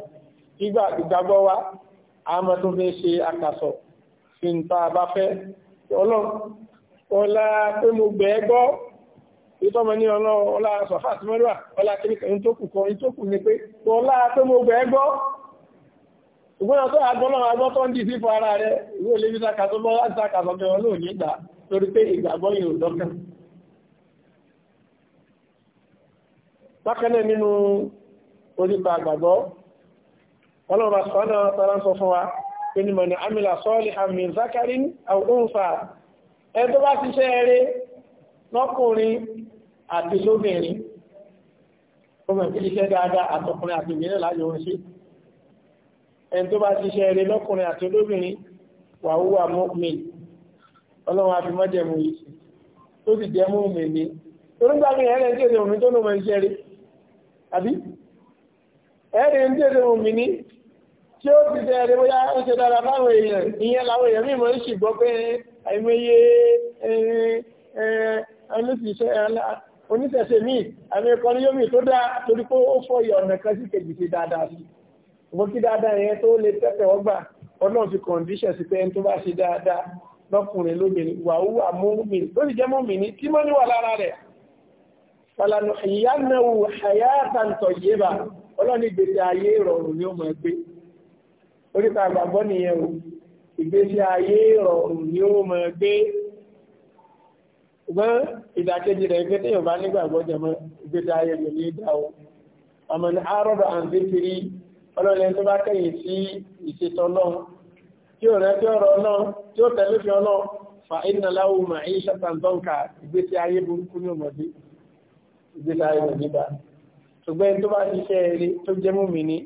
ìgbà ìgbàgbọ́ wa àmọ́ tó fẹ́ ṣe àkàsọ̀ sí ń ta bá fẹ́ ọlá pé mo gbẹ́ gbọ́ ìtọ́mọ ní ọlá sọ̀fà sí mọ́lúwà ọlá kíníkà ní tó kù kan ní tó kù ní pé ọlá pé mo gbẹ́ gbọ́ ìgbóná tó àgbọ́nà agbọ́tọ́ ń dì sí fún ara rẹ̀ ìwé olè bí sàkàtọ́ bọ́ ìgbà torí pé ìgbàgbọ́ yìí dọ́kàn bákanẹ̀ nínú orípa àgbàgbọ́ ọlọ́run àṣọ́nà tọ́lá ń sọ fún wa pé ní mọ̀nà amílà sọ́ọ̀lì àmì zakarin àwòránfà ẹ tó bá ṣiṣẹ́ eré lọ́kùnrin àti lóbìnrin ó mọ̀ iṣẹ́ dáadáa àtọkùnrin àti ìgbìnrin láyé orin sí ẹ tó bá ṣiṣẹ́ eré lọ́kùnrin àti lóbìnrin wà wúwà mọ́kùnrin ọlọ́run àfi mọ́jẹ̀mú yìí tó sì jẹ́ mọ́kùnrin ní ẹ̀rẹ́ tí èdè òmìn tó lọ́mọ iṣẹ́ rí àbí ẹ̀rì ń tètè mú mi ní tí ó ti tẹ ẹ̀rẹ́ bóyá ó ṣe dára fáwọn èèyàn ìyẹn làwọn èèyàn mímọ̀ ń sì gbọ́ pé àìmọye oníṣẹ̀ṣe míì àmì ẹ̀kọ́ ní yómi tó dáa torí pé ó fọ ìyà ọ̀nà kan sí kejì sí dáadáa sí mo kí dáadáa yẹn tó lè tẹ́tẹ̀ ọgbà ọlọ́run fi kọ̀ǹdíṣẹ̀ sí pé ẹni tó bá ṣe dáadáa lọ́kùnrin lóbìnrin wàhùwà mọ́mìnì lórí jẹ́ mọ́mìnì tí mọ́ níwà lára rẹ̀ falanu ìyánáwó àyátàntọ̀ yébà ọlọ́ni gbèsè ayé rọrùn ni ó máa gbé oríta àgbàgbọ́ nìyẹn o ìgbésí ayé rọrùn ni ó máa gbé ṣùgbọ́n ìdàkejì rẹ̀ pé téèyàn bá nígbàgbọ́ jẹmọ́ ìgbésí ayé rẹ̀ ní ìdá o àmọ́ ní àárọ̀dọ̀ àǹdékiri ọlọ́ni tó bá kẹ́yìn sí ìṣètò náà tí ò rẹ́ tí ọ̀rọ̀ náà tí ó tẹ̀lé fi ọ náà fa ìnàláwò màáyí ṣàtàǹdọ́ǹkà ìgbésí ayé burúkú ní ọmọdé ìgbésà ayọ̀ nígbà ṣùgbọ́n tó bá ṣiṣẹ́ eré tó jẹ́ mú mi ní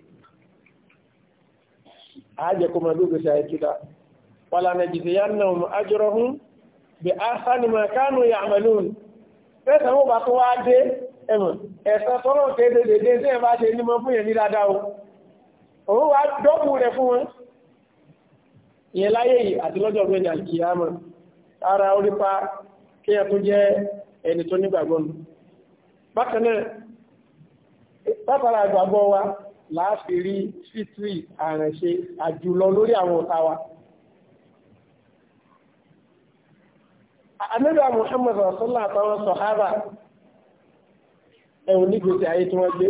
àájẹ kó máa gbégbèsè àìkídà pàlànàjìdì yá náà mú ájọ́rọ̀ hún bí a sáni máa kánú ya àmàlùn fẹ́sàn ó bá tó wá dé ẹ̀mọ̀ ẹ̀sán tọ́rọ̀ kéde dédé tí ẹ bá ṣe ní mọ́ fún ara orípa kí ẹ tún jẹ́ ẹni tó nígbàgbọ́nù bákanáà látara ìgbàgbọ́ wa láàfi rí fítírì àrẹ̀ṣe àjùlọ lórí àwọn ọ̀tá wa anábíà Muhammad rasulullah àtàwọn sọ̀hábà ẹ̀wọ̀n nígbèsè ayé tí wọ́n gbé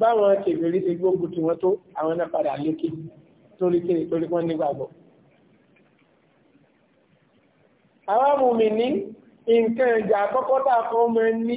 báwọn kèbèrè ti gbógun tí wọ́n tó àwọn náà padà torí kéré torí wọ́n nígbàgbọ́ àwọn amòmìnì nǹkan ìjà àkọ́kọ́ tá a ní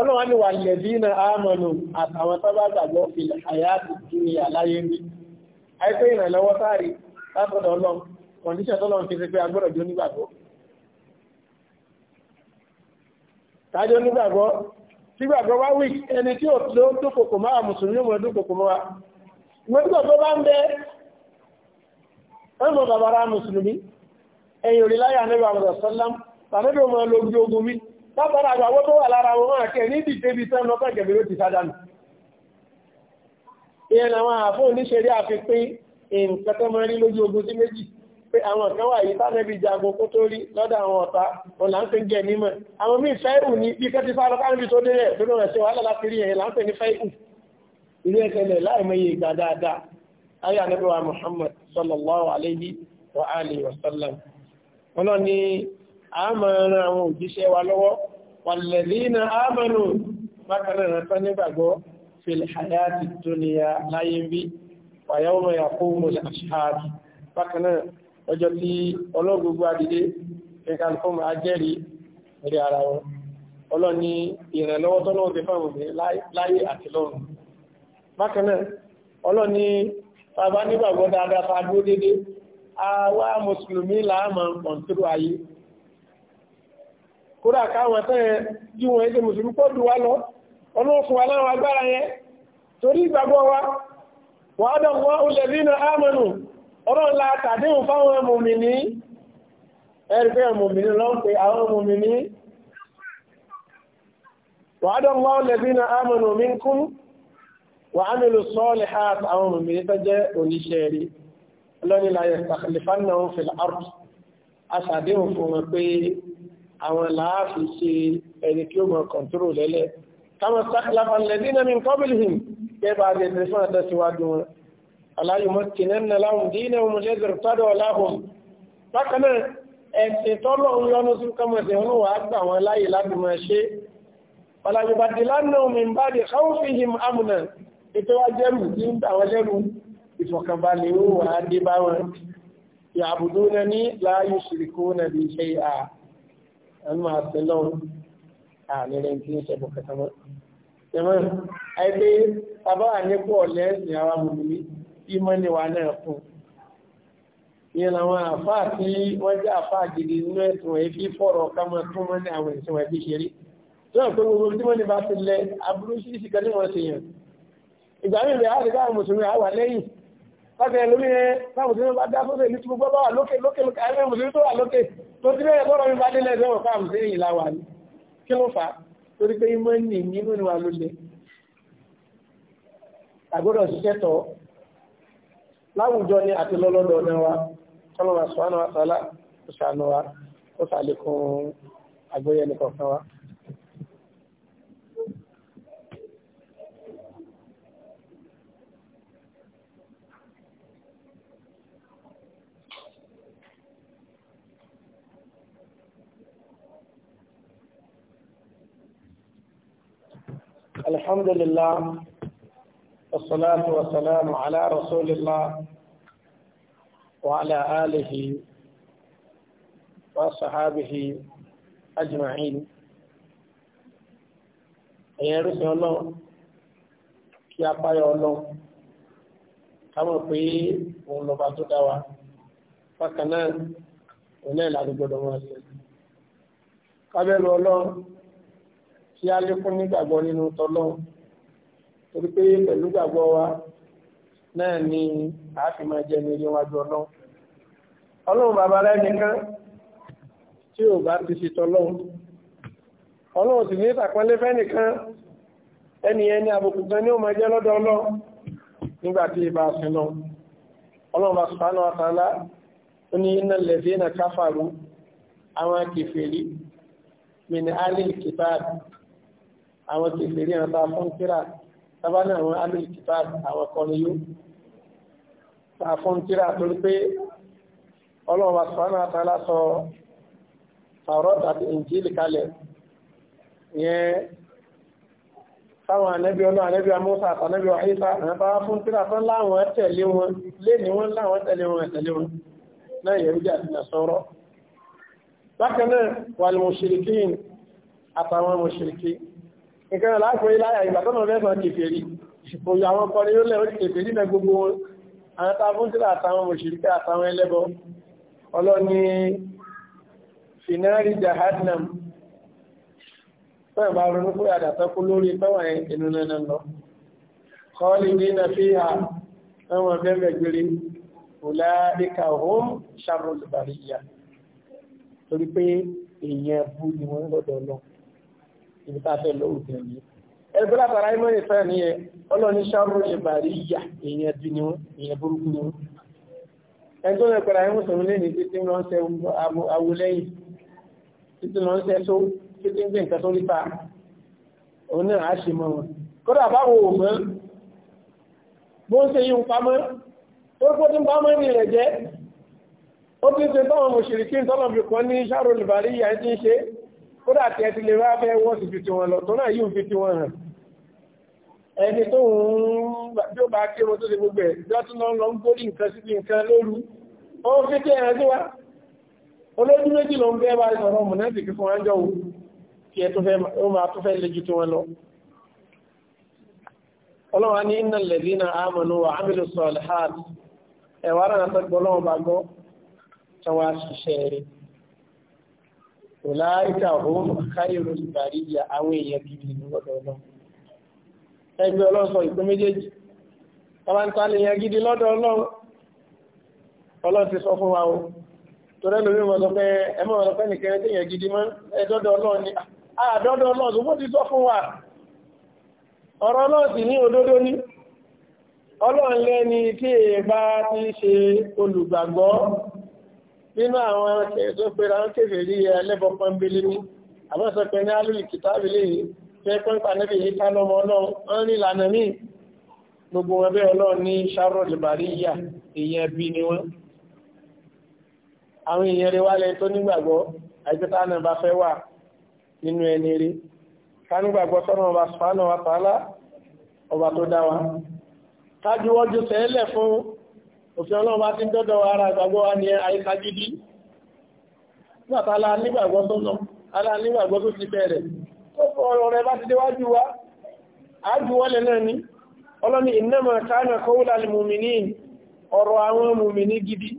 ọlọ́wọ́n ni wà lẹ̀dínà àmọ̀nù àtàwọn tó bá gbàgbọ́ ilẹ̀ àyàtì tí ni àláyé rí àìpé ìrànlọ́wọ́ sáàrí látọ̀dọ̀ ọlọ́run kọ̀ndíṣẹ̀ tọ́lọ́run fi ṣe pé agbọ́dọ̀ jó nígbàgbọ́ tájọ́ nígbàgbọ́ tí gbàgbọ́ wá wí ẹni tí ò tó dúkòkò máa mùsùlùmí mọ̀ dúkòkò mọ́ wa ìwé tí gbàgbọ́ bá ń bẹ ọmọ bàbára mùsùlùmí ẹ̀yìn òrìláyà nígbà mọ̀sán lám tàbí ó máa lo ojú ogun wí látara àgbàwó tó wà lára wọn máa kẹ́ ní ìdíje ibi tán lọ́pẹ́ gẹ̀mí ló ti sádánù ìyẹn làwọn àfún oníṣẹ́rí àfipín nǹkan tó máa rí lójú ogun sí méjì pé àwọn kan wà yìí tánẹ́bí jagun kó tó rí lọ́dọ̀ àwọn ọ̀tá wọn là ń pè ń jẹ nímọ̀ àwọn míì fẹ́ẹ̀rù ní bí kẹ́ ti fá lọ káàmì tó délẹ̀ tó lọ́rẹ̀ sí wàhálà láti rí yẹn là ń pè ní fẹ́ẹ̀rù ilé ẹ̀kẹ́lẹ̀ láìmọye ìgbà dáadáa ayé ànábì wa Muhammad sallallahu alayhi wa alihi wa sallam wọn náà ní àmàrà àwọn òjíṣẹ́ wa lọ́wọ́ wàlẹ̀lẹ́nà àmàrà bákanáà rántán nígbàgbọ́ fìlìhàyà ti tó ní ya láyé ń bí wàyáwó mọ̀ yà kó mọ̀ àṣáàbì bákanáà ọjọ́ tí ọlọ́gbogbo adìde ìkàlùfọ́mù ajẹ́rí rí ara wọn ọlọ́ni ìrànlọ́wọ́ tọ́lọ́wọ́ ti fáwọn òbí láyé àti lọ́run bákanáà ọlọ́ni bàbá nígbàgbọ́ mùsùlùmí làá máa ayé kódà káwọn tẹ́yẹ jí wọn ẹgbẹ́ mùsùlùmí pọ̀ dù wá lọ ọlọ́fún aláwọ̀ agbára yẹn torí ìgbàgbọ́ wa wà á dàn wọ́n olè nínú àmọ́nù ọlọ́la tàdéhùn fáwọn mùmìnì ẹ̀rẹ́fẹ́ mùmìnì lọ́pẹ́ àwọn mùmìnì wà á dàn wọ́n olè nínú àmọ́nù minkum wà á mìlú sọ́ọ̀lì ha àwọn mùmìnì tó jẹ́ oníṣẹ́ rí ọlọ́nìlà yẹ àwọn làáfi ṣe ẹni kí ó mọ̀ kọ̀ntúrò lẹ́lẹ́ káwọn sáklàfà lẹ́dí náà min qablihim kẹba àgbẹ̀dẹ̀ fún àtẹ̀síwájú wọn aláyùmọ̀ tìǹẹ́nà láhùn dínà wọn lẹ́dẹ̀rẹ̀ tọ́dọ̀ láhùn bákan náà ẹ̀sìn tọ́lọ̀ ń lọ́nu sí kọ́mọ̀sẹ̀ wọn wà á gbà wọn láyè láti máa ṣe ọ̀làjùbàdì lánàá min ba'di khawfihim ẹnu máa fi lọ́run ànílẹ̀ tí ń ṣe bọ̀kẹ́ta mọ́. Ṣèmọ́ àìpé bàbá wà nípò ọ̀lẹ́ ẹ̀sìn ara mùmí ìmọ̀ ni wà náà fún. Ìyẹn làwọn àfáà tí wọ́n jẹ́ àfáà gidi nínú ẹ̀sùn ẹ̀ fi fọ̀rọ̀ ká máa tún mọ́ ní àwọn ẹ̀sìn ẹ̀ fi ṣeré. Sọ́nà pé gbogbo tí wọ́n ní bá ti lẹ aburú sí ìsìnkẹ́ ní wọ́n ṣe yàn. Ìgbà mí Bákan ẹ̀ lórí ẹ báwo tí wọ́n bá dá sókè ní gbogbo bá wà lókè lókè lókè àìmọ́ ìmùsùlùmí tó wà lókè tó ti bẹ́ẹ̀ bọ́rọ̀ mi bá délẹ̀ ẹ̀dẹ́wọ̀n fún àmì sẹ́yìn ìlà wà ní. Kí ló fà á? Torí pé imọ́ ní nínú ni wà lólè. Àgbọ̀dọ̀ ṣiṣẹ́ tọ̀ láwùjọ ni àti lọ́lọ́dọ̀ ọ̀nà wa kọ́lọ́wà sọ̀hánà wa sàlá kó wa kó sàlékún àgbóyẹ̀ nìkan kan wa. الحمد لله والصلاة والسلام على رسول الله وعلى آله وصحابه أجمعين يا رسول الله يا قاية الله كما في ونبات دواء فكنا ونال على قدوم قبل الله kí á lékún nígbàgbọ́ nínú tọlọ́hun torí pé pẹ̀lú gbàgbọ́ wa náà ni a fi máa jẹ nílé wájú ọlọ́run ọlọ́run bàbá lẹ́nìkan tí ò bá ti fi tọlọ́hun ọlọ́run sì ní ìtàpọ́nlé fẹ́nìkan ẹni ẹni àbùkù kan ní ó máa jẹ́ lọ́dọ̀ ọlọ́run nígbà tí ìbá sin lọ ọlọ́run bá sùpánù àtàlá ó ní iná lẹ́bí ẹ̀nà káfàrú àwọn kèfèrí mìíràn alẹ́ ìkìtàbí àwọn tí ìfèrí ẹran bá fún tíra sábà ní àwọn alóyè títà àwọn kọrin yó bá fún tíra torí pé ọlọ́run asùpánà àtàlà sọ tàwọ́rọ́ àti ìjìlì kalẹ̀ yẹn sáwọn ànẹ́bí ọlọ́ ànẹ́bí amúsà àtànẹ́bí ọ̀hísà àwọn bá fún tíra tán láwọn tẹ̀lé wọn lé ní wọn láwọn tẹ̀lé wọn tẹ̀lé wọn náà yẹ̀rú jẹ́ àti nàṣọ́rọ́ bákan náà wà ní mùṣìríkín àtàwọn mùṣìríkín ìkẹrẹ láàpọ̀ iláyà ìgbàtọ́nà mẹ́sàn kèfèrí òyà àwọn kan ní ó lẹ́ orí kèfèrí mẹ́ gbogbo wọn àwọn tábún sílẹ̀ àtàwọn mòṣìríkẹ́ àtàwọn ẹlẹ́bọ ọlọ́ni finari jahannam fẹ́ẹ̀ bá ronú fún àdàtọ́kú lórí fẹ́wọ̀n inú nẹ́nà lọ kọ́ọ̀lì nínà fi hà fẹ́wọ̀n bẹ́ẹ̀ gbére òlà ìka òhún ni wọ́n lọ́dọ̀ ibi tá a fẹ́ lọ́wọ́ tẹ̀ ní. ẹgbẹ́ látara iná ìfẹ́ ni ẹ ọlọ́ni ṣàrò ìbàrí ìyà èèyàn bí ni wọn èèyàn burúkú ni wọn. ẹni tó lè pẹ̀lú àwọn mùsùlùmí lẹ́yìn títí lọ́n ṣe awo lẹ́yìn títí lọ́n ṣe tó títí ń gbé nǹkan tó nípa òun náà á ṣe mọ́ wọn. kódà báwo ò mọ́ bó ń ṣe yí ń pamọ́ tó kó tí ń pamọ́ ní ilẹ̀ jẹ́ ó ti ṣe báwọn mùsùlùmí tọ́lọ̀ kódà tí ẹ ti lè ráfẹ́ wọ́n sì fi lọ tó náà yíò fi ti wọn hàn ẹni tó ń bí ó bá kí ọmọ tó ti gbogbo ẹ̀ dọ́tún lọ lọ ń gbórí nǹkan sí nǹkan lóru ó ń fi tí sí wa olójú méjì ló ń fẹ́ bá kí fún kí ẹ tó máa tó na wa ẹ̀wà rẹ̀ náà lọ́wọ́ bá ọ̀láìka òun káyọ̀rọ̀ ìgbàrí ìyà àwọn èèyàn gidi lọ́dọ̀ ọlọ́run ẹgbẹ́ ọlọ́run sọ ìpín méjèèjì ọlọ́ntà lè yàn gidi lọ́dọ̀ ọlọ́run ọlọ́run ti sọ fún wa o torí ẹlòmí mọ̀ sọ ẹmọ́ gidi mọ́ ẹ̀dọ́dọ̀ ọlọ́run ni àdọ́dọ̀ ọlọ́run tó ti sọ fún wa ọ̀rọ̀ ọlọ́run sì ní òdodo ní ọlọ́run lẹ́ni tí nínú àwọn tó pèrà ń kéfè rí ẹlẹ́bọ̀ pọ́nbélé ní àbọ́sọpẹ́ ní alúlì kìtàbílé tẹ́ pọ́npà níbi ìta lọ́mọ ọlọ́run ń rí lànà míì gbogbo ẹgbẹ́ ọlọ́run ní charlotte bariya èèyàn bí ni wọ́n àwọn èèyàn rẹ̀ wálẹ̀ tó nígbàgbọ́ àìjọta náà bá fẹ́ wà nínú ẹni rí ká nígbàgbọ́ sọ́nà ọba sùpánà wa tààlà ọba tó dá wa ká juwọ́jú tẹ́lẹ̀ fún òfin ọlọ́run bá ti ń dọ́dọ̀ ara ìgbàgbọ́ wa ní àyíká gidi nígbàtà alá nígbàgbọ́ tó lọ alá nígbàgbọ́ tó ti bẹ̀rẹ̀ tó fọ ọ̀rọ̀ rẹ bá ti déwájú wa àájúwọ́lẹ̀ náà ni ọlọ́ni ìnáma káàmà kọ́wúlà lè mùmìnì ọ̀rọ̀ àwọn mùmìnì gidi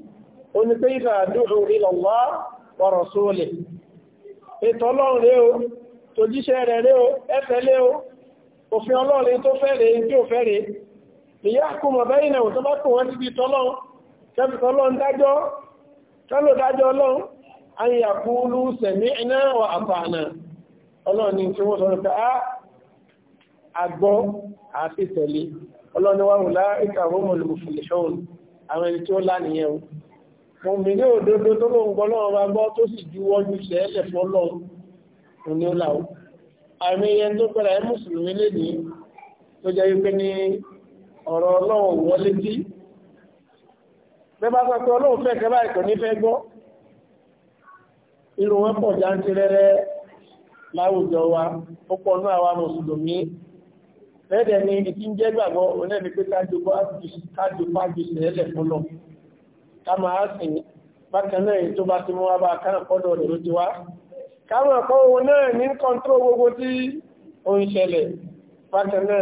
ó ní pé ìgbà àdúrà ìlọ́wọ́ ọ̀rọ̀ sóòlẹ̀ ètò ọlọ́run rẹ o tòjíṣẹ́ rẹ̀ rẹ o ẹ̀fẹ́ lé o òfin ọlọ́run tó fẹ́rẹ̀ tí ò fẹ́rẹ̀ lèyàkùnmọ̀ bẹ́yìn náà tó bá kùn wọ́n ti bí tọ́lọ́n tẹ́bí tọ́lọ́n dájọ́ tọ́lọ́ dájọ́ ọlọ́run ayàkúlú sẹ̀mí iná wà àfàànà ọlọ́ni tí wọ́n sọ pé àgbọ́ àti tẹ̀lé ọlọ́ni wà wùlá ìkàwọ́ mọ̀lùmùfìlẹ̀ṣọ́n àwọn ẹni tí ó lánìyàn fún mi ní òdodo tó ló ń gbọ́ lọ́wọ́ bá ọ̀rọ̀ ọlọ́run wọ́n létí bẹ́bá sọ pé ọlọ́run fẹ́ kẹ́ báyìí kò ní fẹ́ gbọ́ irun wọn pọ̀ jáǹtí rẹ́rẹ́ láwùjọ wa ó pọ̀ ní àwa mùsùlùmí lẹ́dẹ̀ ni ibi tí ń jẹ́ gbàgbọ́ onẹ́ni pé kájú pájú sílẹ̀ fọlọ́ ká máa sìn bákan náà tó bá ti mú wá bá kánà kọ́dọ̀ rẹ̀ ló ti wá ká máa kọ́ owó náà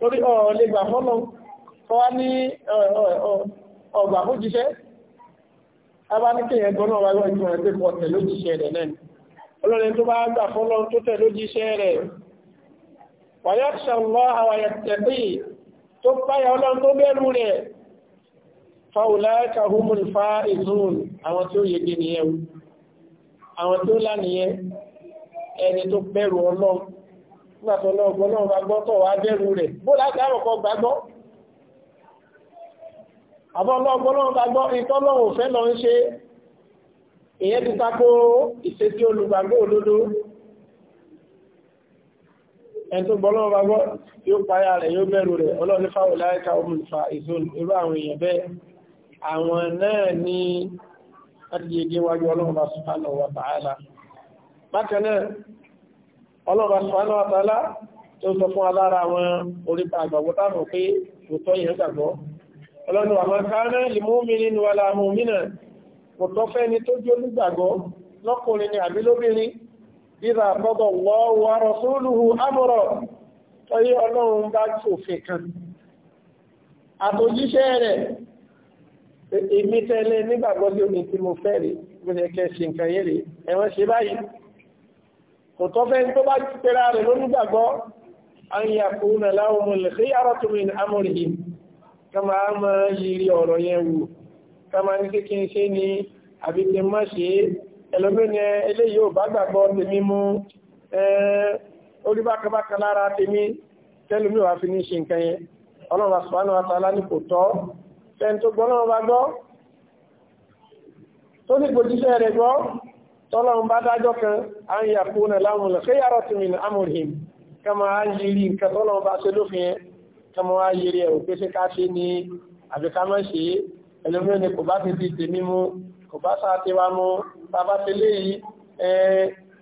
torí ọ̀ọ̀lẹ́ gbà fọ́lọ́ kọ́ wá ní ọgbà fún jíṣẹ́ abá ní kí ẹgbọ́n náà wáyé ìjọ rẹ̀ pé pọ̀ tẹ̀ lójíṣẹ́ rẹ̀ náà ọlọ́rin tó bá gbà fọ́lọ́ tó tẹ̀ lójíṣẹ́ rẹ̀ wàyọ́ṣàlọ́ àwàyẹ̀tẹ̀bí tó báyà ọlọ́run tó bẹ̀rù rẹ̀ fàúláẹ́kà humul ẹni tó bẹ̀rù ọlọ́run nígbàtọ̀ lọ́gbọ́n náà bá gbọ́ tọ̀ wá dẹ́rù rẹ̀ bó láti àrọ̀kọ́ gbàgbọ́ àbọ̀ lọ́gbọ́n náà bá gbọ́ ìtọ́ náà ò fẹ́ lọ ń ṣe ìyẹn ti tako ìṣesí olùgbàgbọ́ òdodo ẹni tó gbọ́lọ́wọ́ bá gbọ́ yóò páyà rẹ̀ yóò bẹ̀rù rẹ̀ ọlọ́ni fáwọn láìka omùlùfà ìzòlù irú àwọn èèyàn bẹ́ẹ̀ àwọn náà ní láti yege wájú ọlọ́run bá subhanahu ọlọ́run aṣọ́nà àtàlá tó sọ fún alára àwọn orípa àgbàgbọ́ táàmù pé òtọ́ yẹn gbàgbọ́ ọlọ́run àwọn káánà lèmúmìnì ní wàlá àmúmìnà kò tọ́ fẹ́ni tó jẹ́ olùgbàgbọ́ lọ́kùnrin ni àbí lóbìnrin ìrà àbọ́bọ̀ wọ́wọ́ rọ̀súlùhù àmọ̀rọ̀ tọ́yí ọlọ́run bá sòfin kan àtòjíṣẹ́ rẹ̀ èmi tẹ́lẹ̀ nígbàgbọ́ tí ó ní tí mo fẹ́ rí gbọ́dẹ̀ kẹ́ ṣe nǹkan yẹ́rẹ̀ ẹ̀wọ́n ṣe báyìí kò tọ́ fẹ́ tó bá ti pẹ́ra rẹ̀ lónúgbàgbọ́ an yà kúrò láwọn olùkí arọ́tùmìn amòrìyìn kama a máa yìí ọ̀rọ̀ yẹn wù kama ní kí kí n ṣe ni àbí má ṣe ẹlòmínú eléyìí ò bá gbàgbọ́ tèmi mú orí lára tèmi tẹ́lùmí fi ní ṣe nǹkan yẹn ọlọ́run àṣùwánà àtàlá ní kò tọ́ fẹ́ni tó náà bá gbọ́ tó ní gbòjíṣẹ́ rẹ̀ gbọ́ tọ́lọ́run bá dájọ́ kan a ń yàkó na láwọn olùkẹ́yàrọ̀ tí mi amúrìn kama a yìí nǹkan tọ́lọ́run bá ṣe lófin ẹ kama a yìí ẹ̀ òpé ṣe ká ṣe ní àbíká mọ́ ṣe ẹlòmíràn ni kò bá ti di tèmi mú kò bá sá ti wá mú bàbá ti léyìí ẹ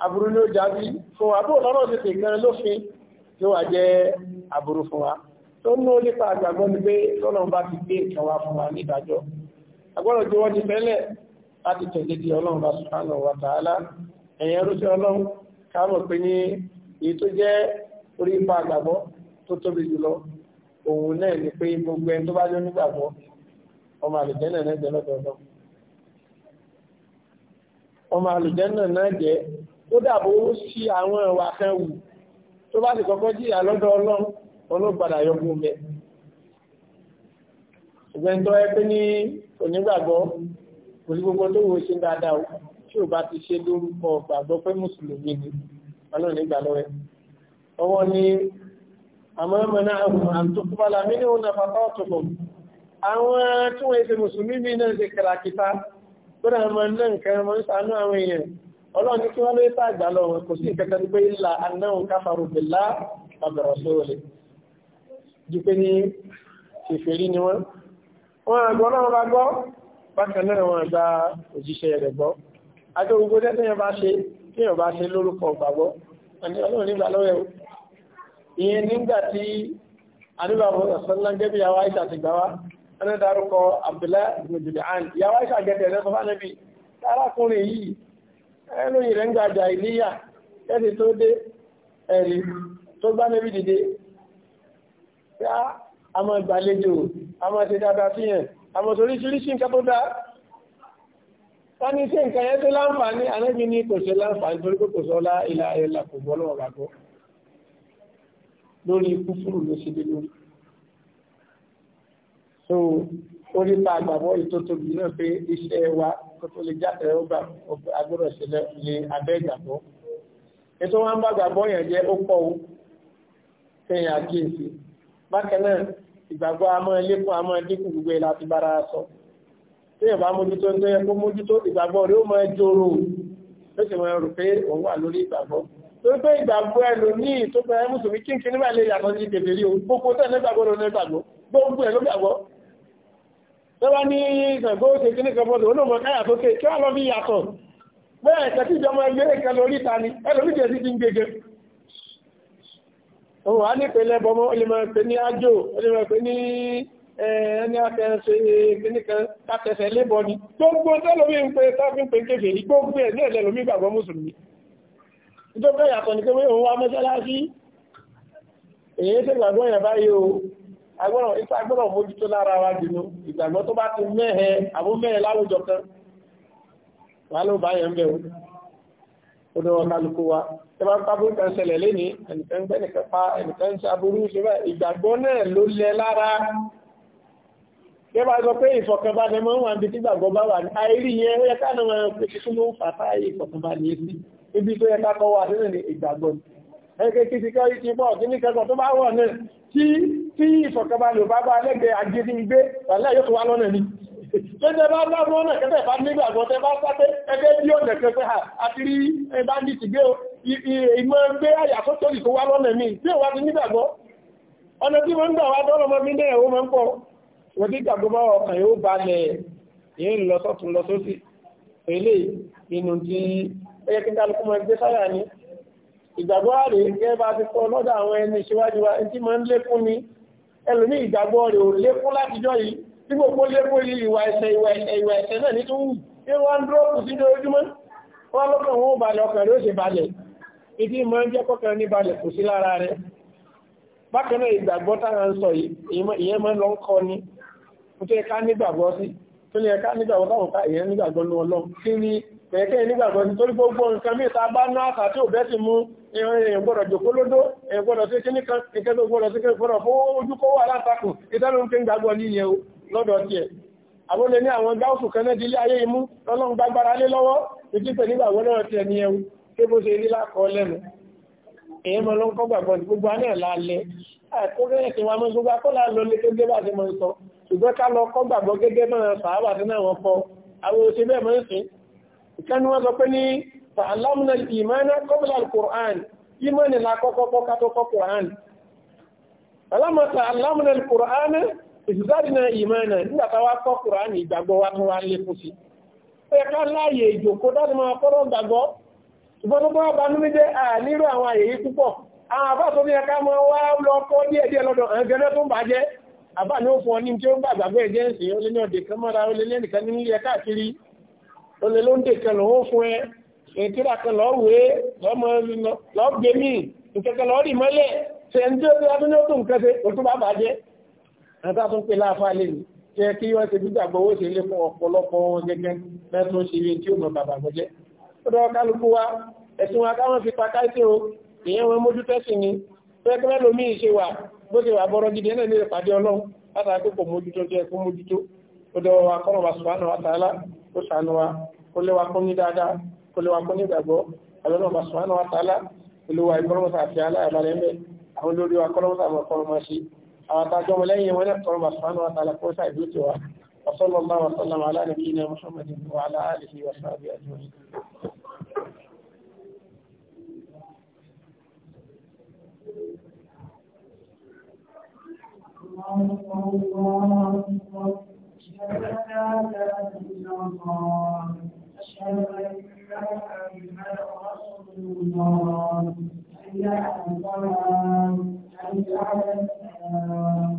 aburú ló jábí fún wa bó lọ́rọ̀ ti tèmi gan lófin ló wà jẹ́ aburú fún wa tó ní ó nípa àgbàgbọ́ ni pé tọ́lọ́run bá ti gbé nǹkan fún wa ní àgbọ́dọ̀ láti tẹ̀lé di ọlọ́run bá subhanahu wa ta'ala ẹ̀yẹ rúṣẹ́ ọlọ́run káàmọ̀ pé ní èyí tó jẹ́ orí ipa àgbàgbọ́ tó tóbi jùlọ òun náà ni pé gbogbo ẹni tó bá jẹ́ onígbàgbọ́ ọmọ àlùjẹ́nà náà jẹ́ lọ́dọọdọ́ ọmọ àlùjẹ́nà náà jẹ́ ó dàbò ó sí àwọn ìwà kan wù tó bá ti kọ́kọ́ jìyà lọ́dọ̀ ọlọ́run olóògbàdà yọgbọ́n mẹ́ ìgbẹ́ntọ́ ẹ pé ní onígbàgbọ́ sí gbogbo tó wọ́n ṣe dáadáa o tí o bá ti ṣe lórúkọ gbàgbọ́ pé mùsùlùmí ni ọlọ́run nígbà lọ́wẹ́ ọwọ́ ni àmọ́ mọ́nà àwọn àtúkúbálà nínú ọ̀nà bàbá ọ̀tọ̀kọ̀ àwọn tí wọ́n ṣe mùsùlùmí mi náà ṣe kìràkìta gbọ́dọ̀ àwọn náà nǹkan wọn sànú àwọn èèyàn ọlọ́run ní kí wọ́n lóye tá àgbà lọ kò sí nǹkan kan pé ńlá anáhùn káfàrú bìlá ọ̀bẹ̀rọ̀ sóòlẹ̀ ju pé ní ṣèfèrí ni wọ́n wọn àgbọ̀ náà bá gbọ́ bákan náà wọ́n gba òjíṣẹ́ rẹ̀ gbọ́ àti gbogbo tẹ́tẹ́yàn bá ṣe téèyàn bá ṣe lórúkọ gbàgbọ́ àti ọlọ́run nígbà lọ́wọ́ o ìyẹn nígbà tí adébàbọ̀ ọ̀sánlá gẹ́bí yàwá ìṣà ti gbà wá ẹni dárúkọ Abdullahi ibn Julian yàwá ìṣà gẹ́tẹ̀ ẹ̀rẹ́ sọfá nẹ́bí arákùnrin yìí ẹnu ìrẹ́ ń gbàjà ìníyà ẹni tó dé ẹ̀rí tó gbá nẹ́bí dìde ah, a máa gbàlejò a máa ṣe dáadáa fíyàn àmọ̀tòríṣiríṣi nǹkan tó dáa wọ́n ní sí nǹkan yẹn tó láǹfààní anábì ní kò ṣe láǹfààní torí pé kò sọ lá ilá ẹ̀là kò gbọ́ lọ́wọ́ gbàgbọ́ lórí kúfúrú ló ṣe dé lórí so orí pa àgbàbọ́ ètò tóbi náà pé iṣẹ́ wa kó tó lè jáde ọgbà agbọ́dọ̀ ṣe lè abẹ́ ìgbàgbọ́ ètò wọn bá gbàgbọ́ yẹn jẹ́ ó pọ̀ ó fẹ̀yìn àkíyèsí bákan náà ìgbàgbọ́ amọ́ ẹlẹ́kùn amọ́ ẹdínkù gbogbo ẹ̀ láti bára sọ tí ẹ̀bá mójútó ń tẹ́yẹ kó mójútó ìgbàgbọ́ rẹ̀ ó máa jòrò ó sì máa rò pé òun wà lórí ìgbàgbọ́ torí pé ìgbàgbọ́ ẹlò ní ìtòkùn ẹ̀ mùsùlùmí kí n kí nígbà lè yàtọ̀ sí kèfè rí o gbogbo tẹ̀ nígbàgbọ́ ló nígbàgbọ́ gbogbo ẹ̀ ló gbàgbọ́ tọ́wá ní ìgbàgbọ́ òṣè kí nìkan bọ́dọ̀ kan lórí òun wà ní ìpínlẹ̀ bọmọ́ ó lè máa pè ní ájò ó lè máa pè ní ẹni akẹ́ẹ̀ṣe kìnnìkan látẹ̀ṣẹ̀ lébọ ni gbogbo tẹ́lómi ń pe tábí ń pe kéfè yìí gbogbo ẹ̀ ní ẹ̀lẹ́lómi gbàgbọ́ mùsùlùmí nítorí yàtọ̀ ní kéwé òun wá mọ́ṣáláṣí èyí tẹ́ gbàgbọ́ yẹn báyìí o agbọ́rọ̀ ipa agbọ́rọ̀ mójútó lára wa dìnnú ìgbàgbọ́ tó bá ti mẹ́hẹ àbó mẹ́hẹ láwùjọ kan wà ló bá yẹn bẹ̀rù odò kálukú wa tẹ́bá ń tábú kan ṣẹlẹ̀ lẹ́ni ẹnìkan gbẹ́ nìkan pa ẹnìkan ṣe aburú ṣẹlẹ̀ ìgbàgbọ́ náà ló lẹ lára tẹ́bá sọ pé ìfọ̀kànbalẹ̀ mọ́ wà níbi tí gbàgbọ́ bá wà ní àìrí yẹn ó yẹ ká náà máa pèsè fún mọ́ fàtà ìfọ̀kànbalẹ̀ sí ibi tó yẹ ká kọ́ wà nínú ìgbàgbọ́ ẹgbẹ́ kí ti kọ́ ti pọ̀ kí ni Tẹ́jẹ́ bá lábọ́ ọ̀nà kẹfẹ́ bá nígbàgbọ́ tẹ́ bá sáté ẹgbẹ́ bí ó nẹ̀ kẹfẹ́ ha àti rí ẹbá ní ti gbé ìmọ̀ gbé àyà tó tóbi tó wá lọ́nà mi tí ó wá ti nígbàgbọ́. Ọ̀nà tí wọ́n ń gbà wá dọ́rọ̀ mọ́ mi náà ó máa ń pọ̀. Wọ́n ti gbàgbọ́ bá ọkàn yóò balẹ̀ èyí ń lọ sọ́tún lọ sósì. Èlé inú ti ẹyẹ kí kálukú máa gbé sáyà ni. Ìgbàgbọ́ àrè gẹ́gẹ́ bá ti kọ́ lọ́dọ̀ àwọn ẹni ìṣíwájú wa ẹni tí máa ń lékún ni. Ẹlòmíì ìgbàgbọ́ rẹ̀ ò lékún látijọ́ yìí tí gbogbo lépo yìí ìwà ẹ̀ṣẹ̀ ìwà ẹ̀ṣẹ̀ ìwà ẹ̀ṣẹ̀ náà ní tó wù pé wọ́n ń dúró kù sí lójúmọ́ wọ́n lọ́kàn wọn ò balẹ̀ ọkàn ló ṣe balẹ̀ ìdí máa ń jẹ́ kọ́kàn ní balẹ̀ kù sí lára rẹ̀ bákan náà ìgbàgbọ́ táwọn ń sọ ìyẹn máa ń lọ ń kọ́ ni kò tó yẹ ká nígbàgbọ́ sí tó yẹ ká nígbàgbọ́ táwọn ká ìyẹn nígbàgbọ́ ní ọlọ́run kí ni pẹ̀kẹ́ nígbàgbọ́ ní torí gbogbo nǹkan mí ta bá náà àkà tí ò bẹ́ ti mú èèyàn gbọ́dọ̀ jòkó lódó èèyàn gbọ́dọ̀ sí kíníkan ìkẹ́ tó gbọ́dọ̀ sí kíníkan fọ́nà fún ojúkọ́ wà látakùn ìtẹ́lùmí gbàgbọ́ níyẹn o lọ́dọ̀ tiẹ̀ àwọn olè ní àwọn gáúsù kan náà dílé ayé imú lọ́lọ́run gbágbára lé lọ́wọ́ ìjípẹ̀ nígbà wọ́n lọ́rọ̀ tiẹ̀ ní ẹwu tí bó ṣe rí lákọọ lẹ́nu èyàn mọ́ ló ń kọ́ gbàgbọ́n tí gbogbo aná lálẹ́ àkókẹ́yẹ̀ tí wọ́n mọ́ gbogbo akọ́là lọ lé gẹ́gẹ́ bá ti mọ́ sọ ṣùgbọ́n ká lọ kọ́ gbàgbọ́ gẹ́gẹ́ mọ́ sàábà tí náà wọ́n kọ́ àwọn òṣè bẹ́ẹ̀ mọ́ ń sìn ìkànnì ìsìsáàdìnà ìmọ̀nà nígbàtà wá kọ́ kùránì ìgbàgbọ́ wa tó wá ń lékún sí ẹ ká láàyè ìjòkó dáadé máa kọ́rọ̀ gbàgbọ́ ìbọn bá banú mi jẹ́ àníru àwọn àyè yìí púpọ̀ àwọn àbá tó ní ẹka máa wá lọ kọ́ díẹ̀ díẹ̀ lọ́dọ̀ ẹgbẹ́ tó ń bà jẹ́ àbá ni ó fún ọ ní tí ó ń bà gbàgbọ́ ẹ̀jẹ̀ ń sè ó lé ní ọ̀dẹ̀ kan mọ́ra ó lé ní ẹnìkan ní ilé káàkiri ó lé ló ń dè kan lòó fún ẹ ètúrà kan lọ́ọ́ wé lọ́ọ́ gbé míì nkẹ́kẹ́ lọ́ọ́ rì ẹ̀ta tó ń pè láàfà lè ní jẹ́ kí wọ́n ti gbígbàgbọ́ owó ṣe lé fún ọ̀pọ̀lọpọ̀ wọn gẹ́gẹ́ mẹ́tún ṣe rí tí ó mọ̀ bàbà gbọ́jẹ́ ó dọ́ kálukú wa ẹ̀sùn wa káwọn fi pa káìsí o ìyẹn wọn mójú tẹ́sì ni pé kí mẹ́lò míì ṣe wà bó ṣe wà bọ́rọ̀ gidi ẹ̀nà ìlú ìpàdé ọlọ́run látara pé kò mójútó jẹ́ kó mójútó ó dọ́ wa kọ́ wa sùpánù wa tààlà ó sànù wa kó lé wa kún ní dáadáa kó lé wa kún ní ìgbàgbọ́ àlọ́nà wa sùpánù wa tààlà àwọn لي mọ̀lẹ́yìn wọn سبحانه وتعالى sánú àtàlà وصلى الله وسلم على نبينا محمد وعلى آله وصحبه أجمعين أشهد أن لا إله إلا الله إلى أن عن الأعلى